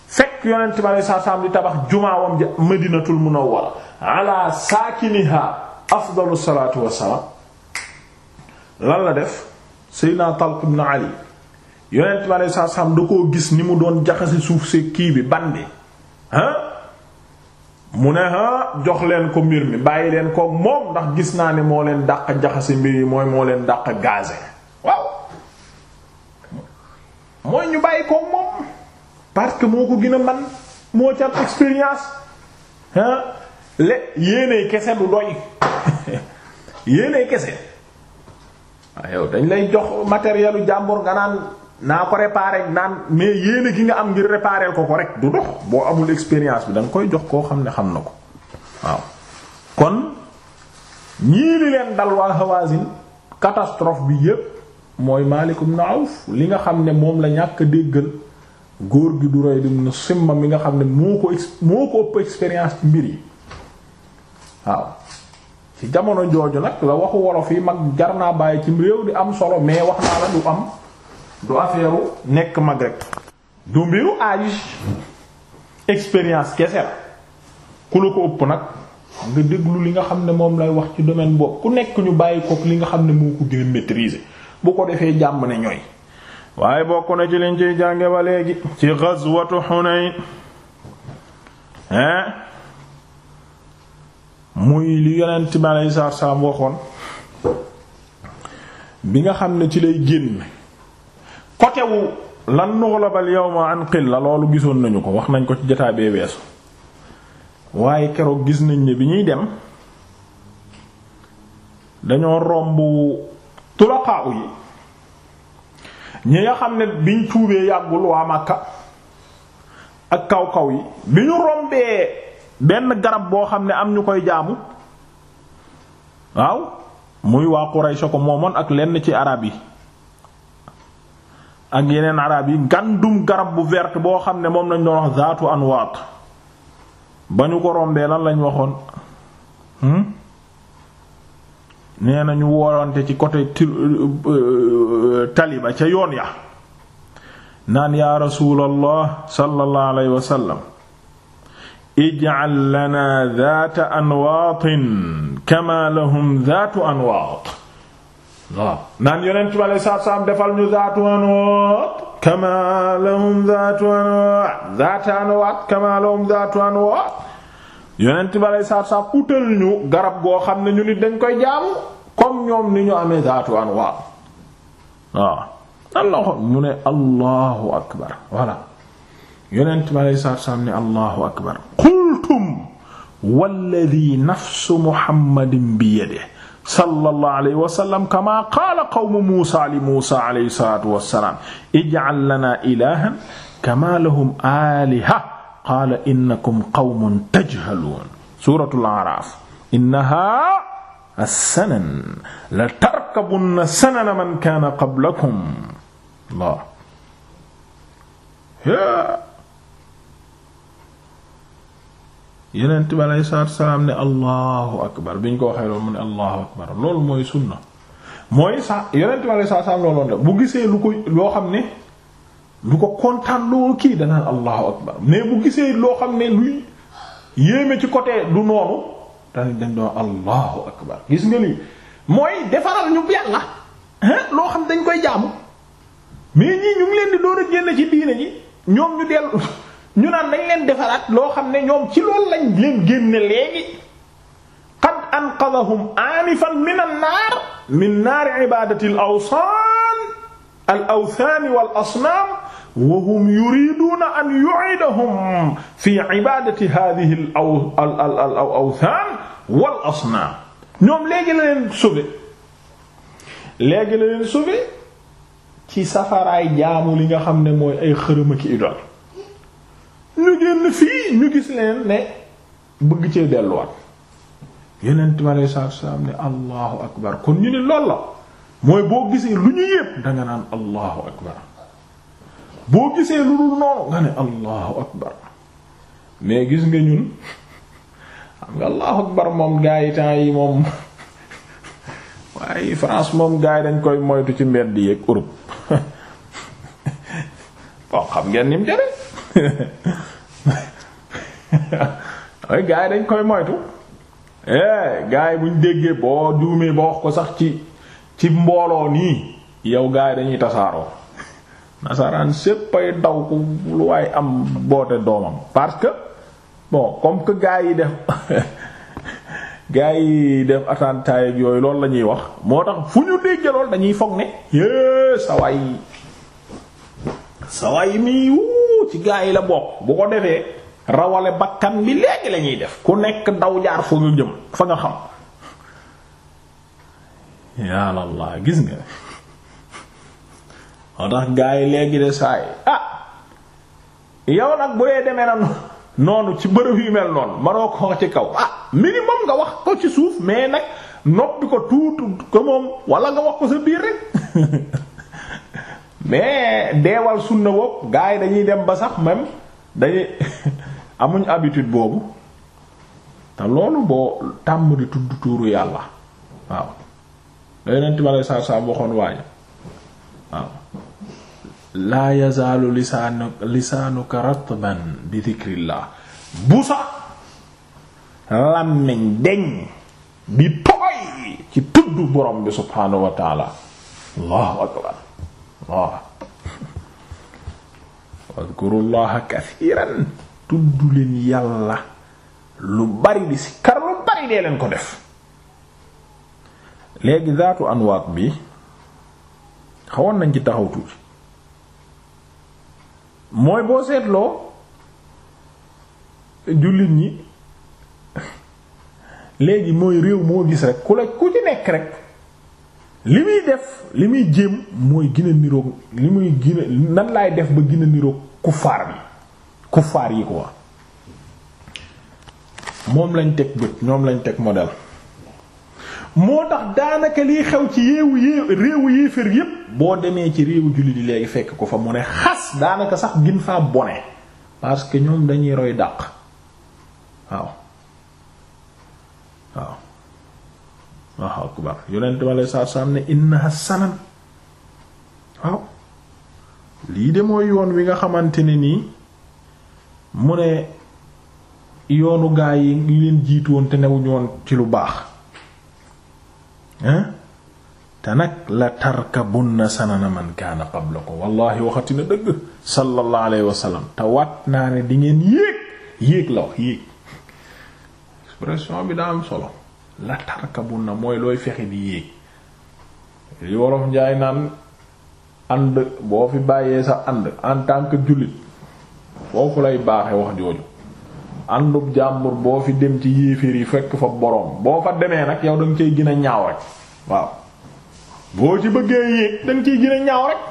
fekk yonent bi alayhi salaatu di tabax jumaawam ja Madinatul Munawwara ala saakiniha afdalu salaatu wassalaam lan la def Seydina Talq ibn Ali yonent bi aleyhi salaatu salaam da gis ni mu doon jaxase suuf see kii bi bandi ah mu ne ah jox leen ko mbir mi bàyyi leen ko moom ndax gis naa ne moo leen dàq jaxase mbir yi mooy moo leen dàq gaze waaw mooy ñu bàyyi ko moom parce que moo ko gën a man moo ci am expérience le yéene kese du doy yéene kese waaw ah, yow dañ lay jox matérielu jàmbur nga naan naa ko réparer naan mais yéene ki nga am ngir réparer ko ko rek du dox boo amul expérience bi danga koy jox koo xam ne xam na ko waaw kon ñii li leen dal waa Hawazin catastrophe bi yépp mooy Maalik naaw li nga xam ne moom la ñàkk déggal góor gi du roy dum na simma mi nga xam ne moo ko moo ko ëpp expérience ci mbir yi waaw ci jamono jooju nag la waxu wolof yi mag jar naa bàyyi ci réew di am solo mais wax naa la du am du affaire nekk mag rek du mbiru âge expérience kese la ku la ko ëpp nag nga déglu li nga xam ne moom lay wax ci domaine boobu ku nekk ñu bàyyi kook li nga xam ne moo ko gën a bu ko defee jàmm ne ñooy waaye bokk na ci liñ ciy jànge ba léegi ci ghazwatu Hunayn hein muy li yonent bi aleyhi salaatu wa salaam waxoon bi nga xam ne ci lay génn côté wu lan nughlabal yawma an qilla loolu gisoon nañu ko wax nañ ko ci jotaay bee weesu waaye keroog gis nañ ne bi ñuy dem dañoo romb tulaqaa yi ñi nga xam ne biñ tuubee yàggul waa Makka ak kaw kaw yi bi ñu rombee benn garab boo xam ne am ñu koy jaamu waaw muy waa Quraysh ko moomoon ak lenn ci arab yi ak yeneen arab yi ngandum garab bu verte boo xam ne moom lañ doon wax zaatu anwaat ba ñu ko rombee lan lañ waxoon hmm? nee na ñu woolante ci côté euh, taliba ca yoon ya naan yaa rasuulallah sallallahu alayhi wa sallam ij'al lana zaata anwaatin kama lahum zaatu anwaat waaw naan yonent bi aleyhi salaatu salaam defal ñu anwaat kama lahum zaatu anwaat zaata anwaat kama anwaat yonent bi aleyhi salaatu utal ñu garab goo xam ne ñu nit dañ koy jaamu comme ñoom ni ñu amee zaatu anwaat Allah akbar voilà yonent bi aleyhi salaatu salaam ne allahu akbar qultum walladi nafsu muhammadin bi yadihi sallallahu alayhi wa sallam kama qaala qawmu muusa li muusa alayhi salaatu wa salaam ij'al lana ilaahan kama lahum aaliha qaala innakum qawmun tajhaluun suuratul a'raaf innahaa as-sanan la tarkabunna sanana man kaana qablakum Allah yenent bi aleyhi salaatu salaam ne allahu akbar bi ñu ko waxee loolu mu ne allahu akbar loolu mooy sunna mooy sa yenent bi aleyhi salaatu salaam looloon la bu gisee lu ko loo xam ne lu ko kontaan loolu kii danaan allahu akbar mais bu gisee loo xam ne luy yéeme ci côté du noonu dañ dañ doon allahu akbar gis nga lii mooy defaral ñu yàlla loo xam dañ koy jaamu mais ñii ñu ngi leen di door a génn ci diine ji ñoom ñu dellu ñu naan nañ leen defaraat loo xam ne ñoom ci loolu lañ leen génne léegi qad anqadahum anifan min an-naar min naar ibadati al-awsaan al-awthaan wal-asnaam wa hum yuriduuna an yu'idahum fi ibadati hadhihi al-awthaan wal-asnaam ñoom léegi la leen sauvé léegi la leen sauvé ci safaraay jaamu li nga xam ne mooy ay xërëm ak idole ñu génn fii ñu gis leen ne bëgg cee delluwaat yeneen ma ne allahu akbar kon ñu ne lool la mooy boo gisee lu ñu yépp danga naan allahu akbar boo gisee lu dul noonu nga ne allahu akbar mais gis nga ñun xam nga allahu akbar moom gaa yi temps yi moom waaye France moom gaa yi dañ koy moytu ci mbedd yi ak Europe bon xam ngeen ni jare ay gaa yi dañ koy moytu eh gaa yi buñ déggee boo juumee ba wax ko sax ci ci mbooloo nii yow gaa yi dañuy tasaaroo nasaraan séppay daw ku lu waay am boote doomam parce que bon comme que gaa yi def gaa yi def attentat yooyu loolu la ñuy wax moo tax fu ñu déggee lool dañuy foog ne yée sawaay sawaay mi ci gaa yi la bokk bu ko defee rawale bakkan bi léegi la ñuy def ku nekk daw jaar fa nga jëm fa nga xam yàlla laa gis nga moo tax gaa yi léegi de saay ah yow nag bu dee demee na noonu ci bërëb yu mel noonu manoo ko ci kaw ah minimum nga wax ko ci suuf mais nag noppi ko tuutu ko moom wala nga wax ko sa biir rek mais deewal sunna wopp gars yi dañuy dem ba sax même dañuy amuñ habitude boobu te loolu boo tàmm di tudd tuuru yàlla waaw la yonent bi lisaanu lisaanuka ratban bi dhikrillah bu sax làmmiñ deñ bi tooy ci tudd borom bi subhaanahu wa Allah wadkurullaha kathiran tudd leen yàlla lu bari di si kar lu bari dee leen ko def léegi zaatu anwaat bi xawoon nañ ci taxaw tuuti mooy boo seetloo jullit ñi léegi mooy réew moo gis rek ku la ku ci nekk rek li muy def li muy jéem mooy gën a niroog li muy gën nan laay def ba gën a niroog kuffaar bi kuffaar yi quoi moom lañ teg bët ñoom lañ teg modèle moo tax daanaka liy xew ci yéewu yée réewu yéefér yépp boo demee ci réewu jullit di léegi fekk ko fa mu ne xas daanaka sax gin faa bone parce que ñoom dañuy roy dàq waaw waaw waaw akbar yonent bi aleyhi salaatu salaam ne innaha sanan waaw lii de mooy yoon wi nga xamante ne nii mu ne yoonu gaa yi ngi leen jiitu te newuñu woon ci lu baax te nag la tarkabunna sanana man kaana qablakum wallahi waxati na dëgg sallallahu alayhi wa sallam te wat naa ne di ngeen yéeg yéeg la yéeg expression bi daa am solo la tarkabun na mooy looy fexe di yéeg li wolof njaay naan ànd boo fi bàyyee sa ànd en tant que jullit foofu lay baaxe wax jooju àndub jàmbur boo fi dem ci yéeféer yi fekk fa boroom boo fa demee nag yow da nga cay a ñaaw rek waaw boo ci bëggee yéeg da nga ciy gën a ñaaw rek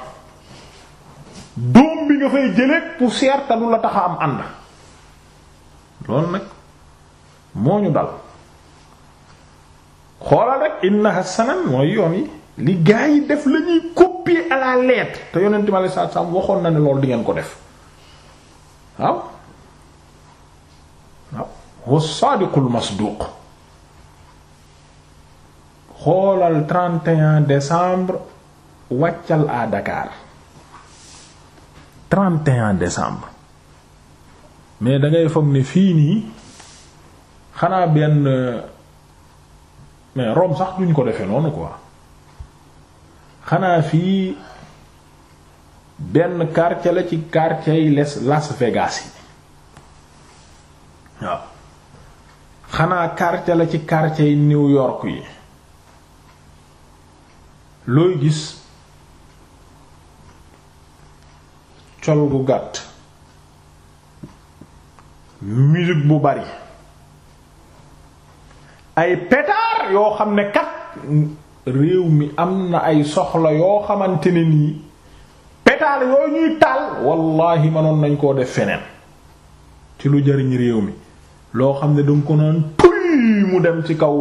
doom bi nga fay jëlee poussière te la tax am ànd loolu nag moo ñu dal xoolal rek inna sanan mooy yoon yi li gaa yi def la ñuy copier te yonent mi aleyhi salaatu salaam waxoon na ne loolu di ngeen ko def waaw waaw wa saadiqul masduq xoolal 31 décembre wàccal à Dakar 31 décembre mais da ngay foog fii nii xanaa benn. mais Rome sax duñ ko defee noonu quoi xanaa fii benn quartier la ci quartier Las Vegas yi waaw xanaa quartier la ci quartier yi New York yi looy gis col bu gàtt musique bu bari ay pétard yoo xam ne kat réew mi am na ay soxla yoo xamante ne nii pétard yooyu ñuy taal wallahi manoon nañ koo def feneen ci lu jariñ réew mi loo xam ne danga ko naan tuy mu dem ci kaw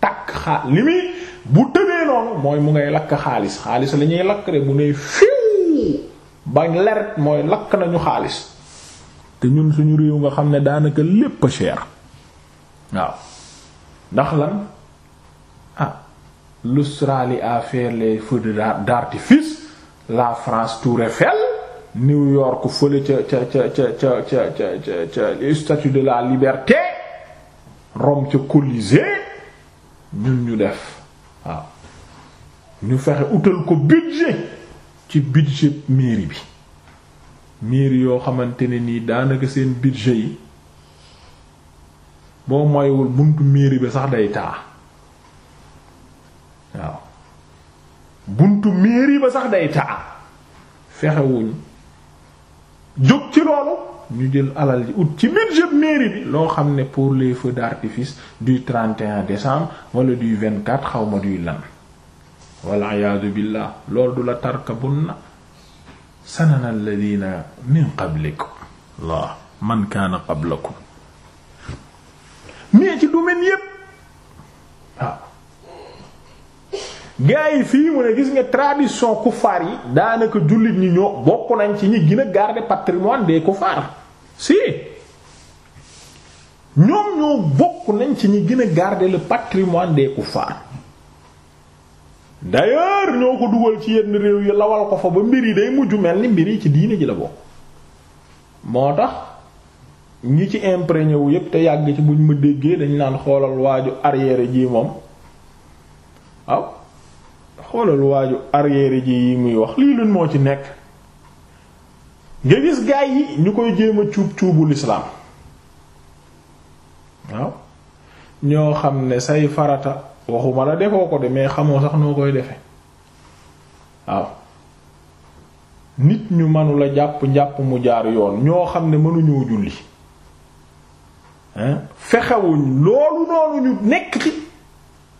takk xaa li muy bu tëbee noonu mooy mu ngay lakk xaalis xaalis lañuy ñuy lakk rek mu ngay fiw ba leret mooy lakk nañu xaalis te ñun suñu réew nga xam ne daanaka lépp a cher waaw ndax lan ah l'Australie a fait les feux d'artifice la France tout refait New York fële ca ca ca ca ca ca ca de la liberté Rome ca Colisée ñun ñu def waaw ñu fexe utal ko budget ci budget mairie bi mairie yoo xamante ne nii daanaka seen budget yi boo moywul buntu mairie bi sax day taa waaw buntu mairie ba sax day taa fexewuñu jóg ci loolu ñu jël alal ji ut ci budget mairie bi loo xam ne pour les feux d'artifice du 31 décembre wala du 24 xawma duy lan walla iyaadu billah lool du la tarkabunna sanana alladina min qablikum la man kaana qablakum mais ci domaine yépp ah. gaa yi fii mu ne gis nga tradition kufaar yi daanaka jullit ñi ñoo bokk nañ ci ñi gën a garder patrimoine des kufaar si ñoom ñoo bokk nañ ci ñi gën a garder le patrimoine des kufaar d'ailleurs ñoo ko dugal ci yenn réew yi lawal ko fa ba mbir yi day mujj mel ni mbir yi ci diine ji la bokk moo tax. ñi ci imprégné wu yépp te yàgg ci buñ ma déggee dañ naan xoolal waaju arrière jii moom waaw xoolal waaju arrière ji yi muy wax lii luñ moo ci nekk nga gis gaay yi ñu koy jéem a cuub cuubu lislaam waaw ñoo xam ne say farata waxuma la defoo ko de mais xamoo sax noo koy defe waaw nit ñu mënula jàpp jàpp mu jaar yoon ñoo xam ne mënuñoo julli fexewuñ loolu noonu ñu nekk ci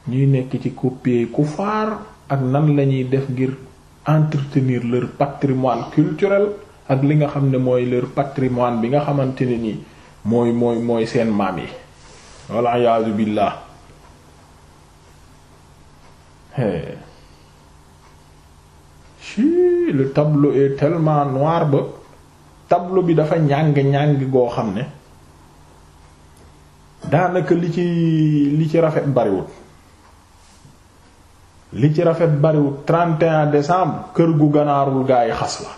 ñuy nekk ci copier ku faar ak nan lañuy def ngir entretenir leur patrimoine culturel ak li nga xam ne mooy leur patrimoine bi nga xamante ne nii mooy mooy mooy seen maam yi walla iyaazu billaah le tableau est tellement noir ba tableau bi dafa njàng njàng goo xam ne daanaka li ci li ci rafet bariwul li ci rafet bariwul 31 décembre kër gu ganaarul gaa yi xas la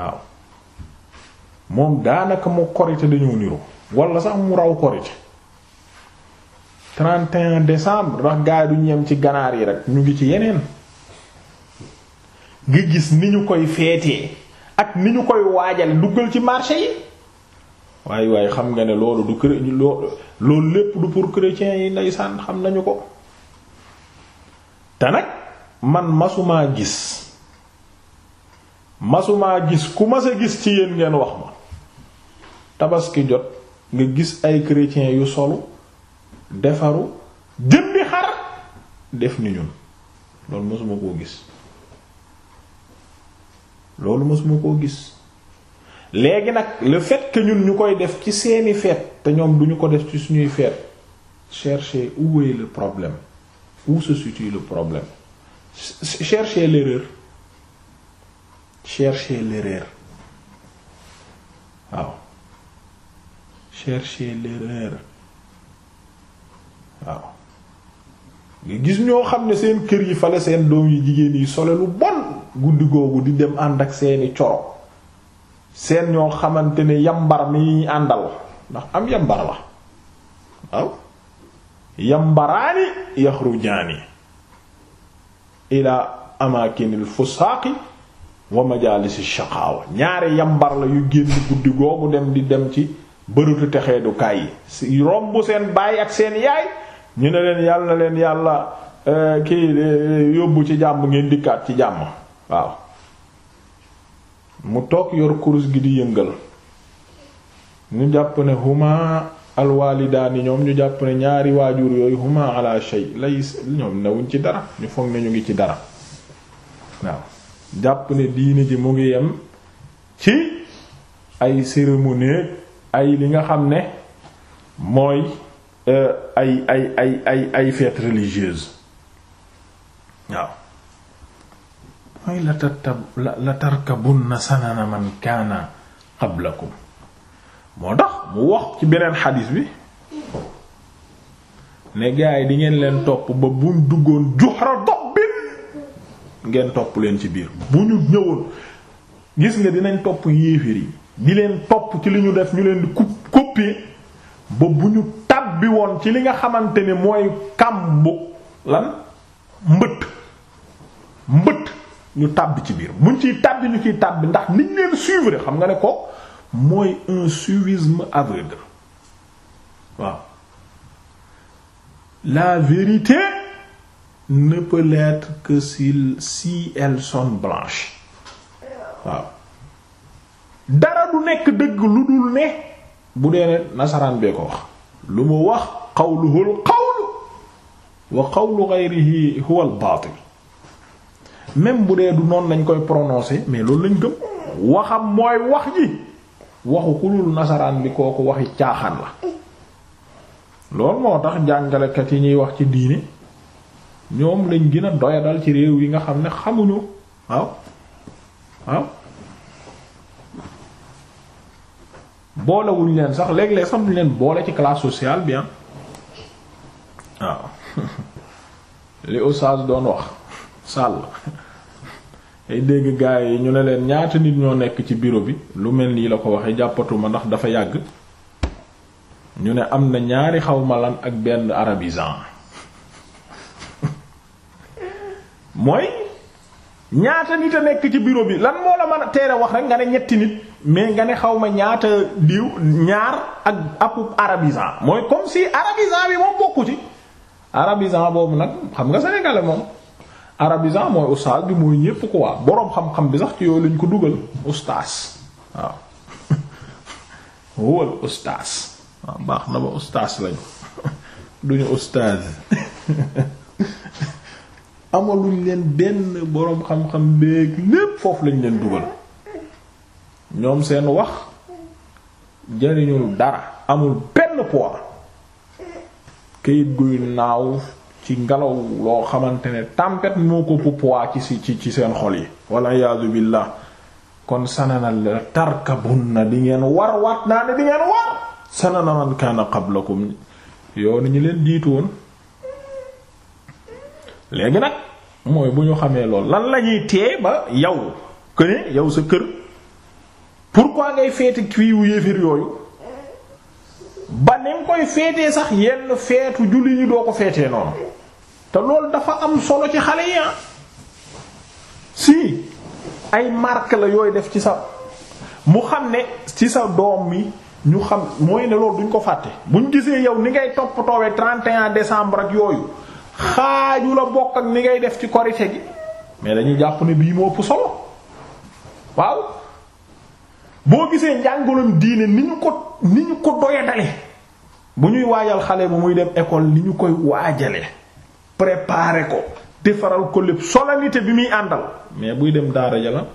waaw moom daanaka mu korite dañoo niroo wala sax mu raw korite 31 décembre ndax gaa yi duñ yem ci ganaar yi rek ñu ngi ci yeneen ngi gis ni ñu koy feetee ak ni ñu koy waajale duggal ci marché yi waaye waaye xam nga ne loolu du cré loolu lépp du pour chrétiens yi ndeysaan xam nañu ko te nag man masumaa gis masumaa gis ku mas a gis ci yéen ngeen wax ma tabaski jot nga gis ay chrétiens yu solu defaru jëndi xar def ni ñun loolu masuma koo gis loolu masuma koo gis léegi nag le fait que ñun ñu koy def ci seeni feet te ñoom duñu ko def ci suñuy feet cherchez où est le problème où se situe le problème cherchez l'erreur cherchez l'erreur waaw cherchez l'erreur waaw gis ñoo xam ne seen kër yi fale seen doom yi jigéen yi sole lu bon guddi googu di dem ànd ak seeni coro seen ñoo xamante ne yambar mi àndal ndax am yambar la waaw yambaraani yaxrujaani ila amaakinil fusaaqi wa majaalisi shaqaawa ñaari yambar la yu génn guddi googu dem di dem ci bërëtu texeedukaay yi romb seen baay ak seen yaay ñu ne leen yàlla leen yàlla eh, kii eh, yóbbu ci jàmm ngeen dikkaat ci jàmm waaw mu toog yor kurus gi di yëngal ñu jàpp ne huma alwaalidaani ñoom ñu jàpp ne ñaari waajur yooyu huma ala lay ñoom newuñ ci dara ñu foog ne ñu ngi ci dara waaw jàpp ne diine ji mu ngi yem ci ay cérémonie ay li nga xam ne mooy euh, ay ay ay ay ay fête waaw mooy la tartab la tarkabunna sanana man kaana qablakum moo tax mu wax ci beneen xadis bi ne gaa yi di ngeen leen topp ba buñ duggoon juhra dobbin ngeen topp leen ci biir bu ñu ñëwoon gis nga dinañ topp yéeféer yi di leen topp ci li ñu def ñu leen di coup coupé ba bu ñu tàbbi woon ci li nga xamante ne mooy kàmbu lan mbëtt mbëtt ñu tàbb ci biir buñ ciy tàbbi ñu ciy tàbbi ndax niñ leen suivre xam nga ne ko mooy un suivisme aveugle waaw la vérité ne peut l'être que si si elles sont waaw dara du nekk dëgg lu dul ne bu dee ne nasaraan bee ko wax lu mu wax qawluhu al qawl wa qawlu ghayrihi huwa al baatil même bu dee du noonu lañ koy prononcer mais loolu lañ gëm waxam mooy wax ji waxu kulul nasaraan bi kooku waxi caaxaan la loolu moo tax jàngalekat yi ñuy wax ci diine ñoom lañ gën a doyadal ci réew yi nga xam ne xamuñu waaw waaw boolewuñ leen sax léeg-léeg sax duñ leen boole ci classe sociale bien waaw ah. li oustaz doon wax sàll ay dégg gars yi ñu ne leen ñaata nit ñoo nekk ci bureau bi lu mel nii la ko waxee jàppatuma ndax dafa yàgg ñu ne am na ñaari xaw ma lan ak benn arabisant mooy ñaata nit a nekk ci bureau bi lan moo la mën a teere wax rek nga ne ñetti nit mais nga ne xaw ma ñaata diw ñaar ak appu arabisant mooy comme si arabisant bi moom bokku ci boobu nag xam nga sénégalais moom. arabisant mooy ustaas bi mooy ñépp ko waa boroom xam-xam bi sax ci yooyu lañ ko dugal ustaas waaw wowal ustaas waaw baax na ba ustaas lañu duñu ustaas amaluñ leen benn boroom xam-xam beeg lépp foofu lañ leen dugal ñoom seen wax jariñul dara amul benn poids kayit guy naaw ci ngelaw loo xamante ne tàmpet moo ko puppwaa ci ci seen xol yi walla iyaazu billaah kon sanana la tarkabunna di ngeen warwat naa ne di ngeen war sanana man kaana qablakum yow ni ñu leen jiitu woon léegi nag mooy bu ñu xamee lool lan lañuy tee ba yow këne yow sa kër pourquoi ngay feeti kii wu yéefir yooyu ba ni nga koy feetee sax yenn feetu julli ñi doo ko feetee noonu te loolu dafa am solo ci xale yi ah. si ay marque la yooyu def ci sa mu xam ne ci sa doom mi ñu xam mooy ne loolu duñ ko fàtte buñ gisee yow ni ngay topp toppatoowee 31 décembre ak yooyu xaaju la bokk ak ni ngay def ci korite gi mais dañuy jàpp ne bii moo ëpp solo waaw boo gisee njàngalam diine ni ñu ko ni ñu ko doyadale bu ñuy waajal xale bu muy dem école ni ñu koy waajale préparer ko defaral ko lépp solennité bi muy àndal mais buy dem daara jala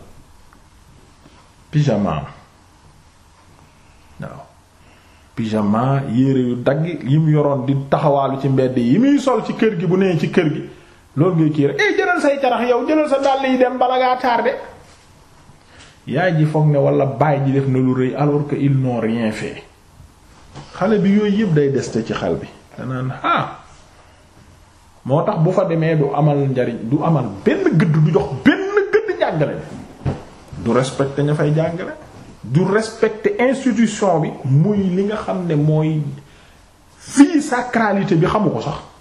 pyjama waaw pyjama yére yu dagg yi mu yoroon di taxawaalu ci mbedd yi muy sol ci kër gi bu nee ci kër gi loolu ngay kii rek eh jëlal say carax yow jëlal sa dàll yi dem bala ngaa tardé yaay ji foog na wala baay ji def na lu rëy alors que ils n'ont rien fait xale bi yooyu yëpp day deste ci xel bi danaan ah moo tax bu fa demee du amal njariñ du amal benn gëdd du jox benn gëdd jàngale du respecter ña fay jàngale du respecter institution bi muy li nga xam ne mooy fii sacralité bi xamu ko sax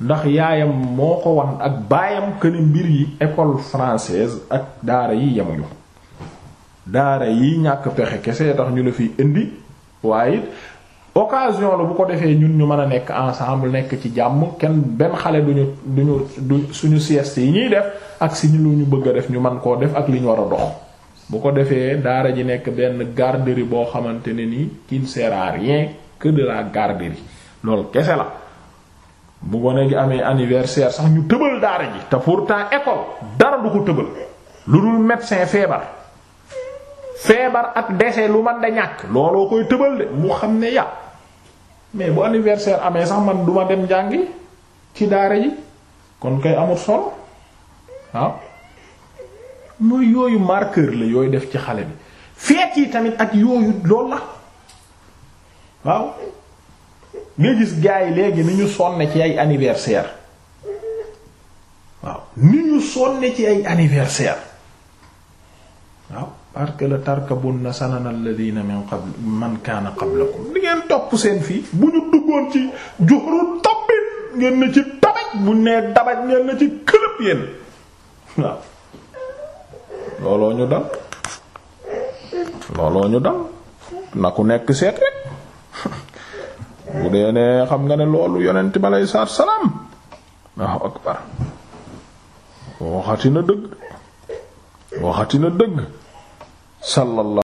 ndax yaayam moo ko wan ak baayam këne mbir yi école française ak daara yi yemuñu daara yi ñàkk pexe kese tax ñu la fiy indi waaye occasion la bu ko defee ñun ñu mën a nekk ensemble nekk ci jàmm kenn benn xale duñu duñu du suñu sieste yi ñuy def ak si lu ñu bëgg a def ñu man koo def ak li ñu war a dox bu ko defee daara ji nekk benn garderie boo xamante ne ni qui ne sert à rien que de kese la bu gone gi amee anniversaire sax ñu tëbal daara ji te pourtant école dara du ko tëbal lu dul médecin feebar feebar ak dese lu man da ñàkk looloo koy tëbal de mu xam ne ya mais bu anniversaire amee sax man duma dem jàngi ci daara ji kon kay amul sol waaw mooy yooyu marqueur la yooyu def ci xale bi feet yi tamit ak yooyu lool la waaw nga gis gaa yi léegi ni ñu sonne ci ay anniversaire waaw ni ñu sonne ci ay anniversaire waaw parce que la tarkabunna sanana alladhina min qabl man kaana qablakum di ngeen topp seen fii bu ñu duggoon ci juhru tabit ngeen na ci tabaj bu nee dabaj ngeen na ci këlëb yéen waaw looloo ñu dal looloo ñu dal na ku nekk seet bu dee ne xam nga ne loolu yonent bi aleyhi salaatu salaam waaw akbar waxati dëgg waxati na dëgg sallallahu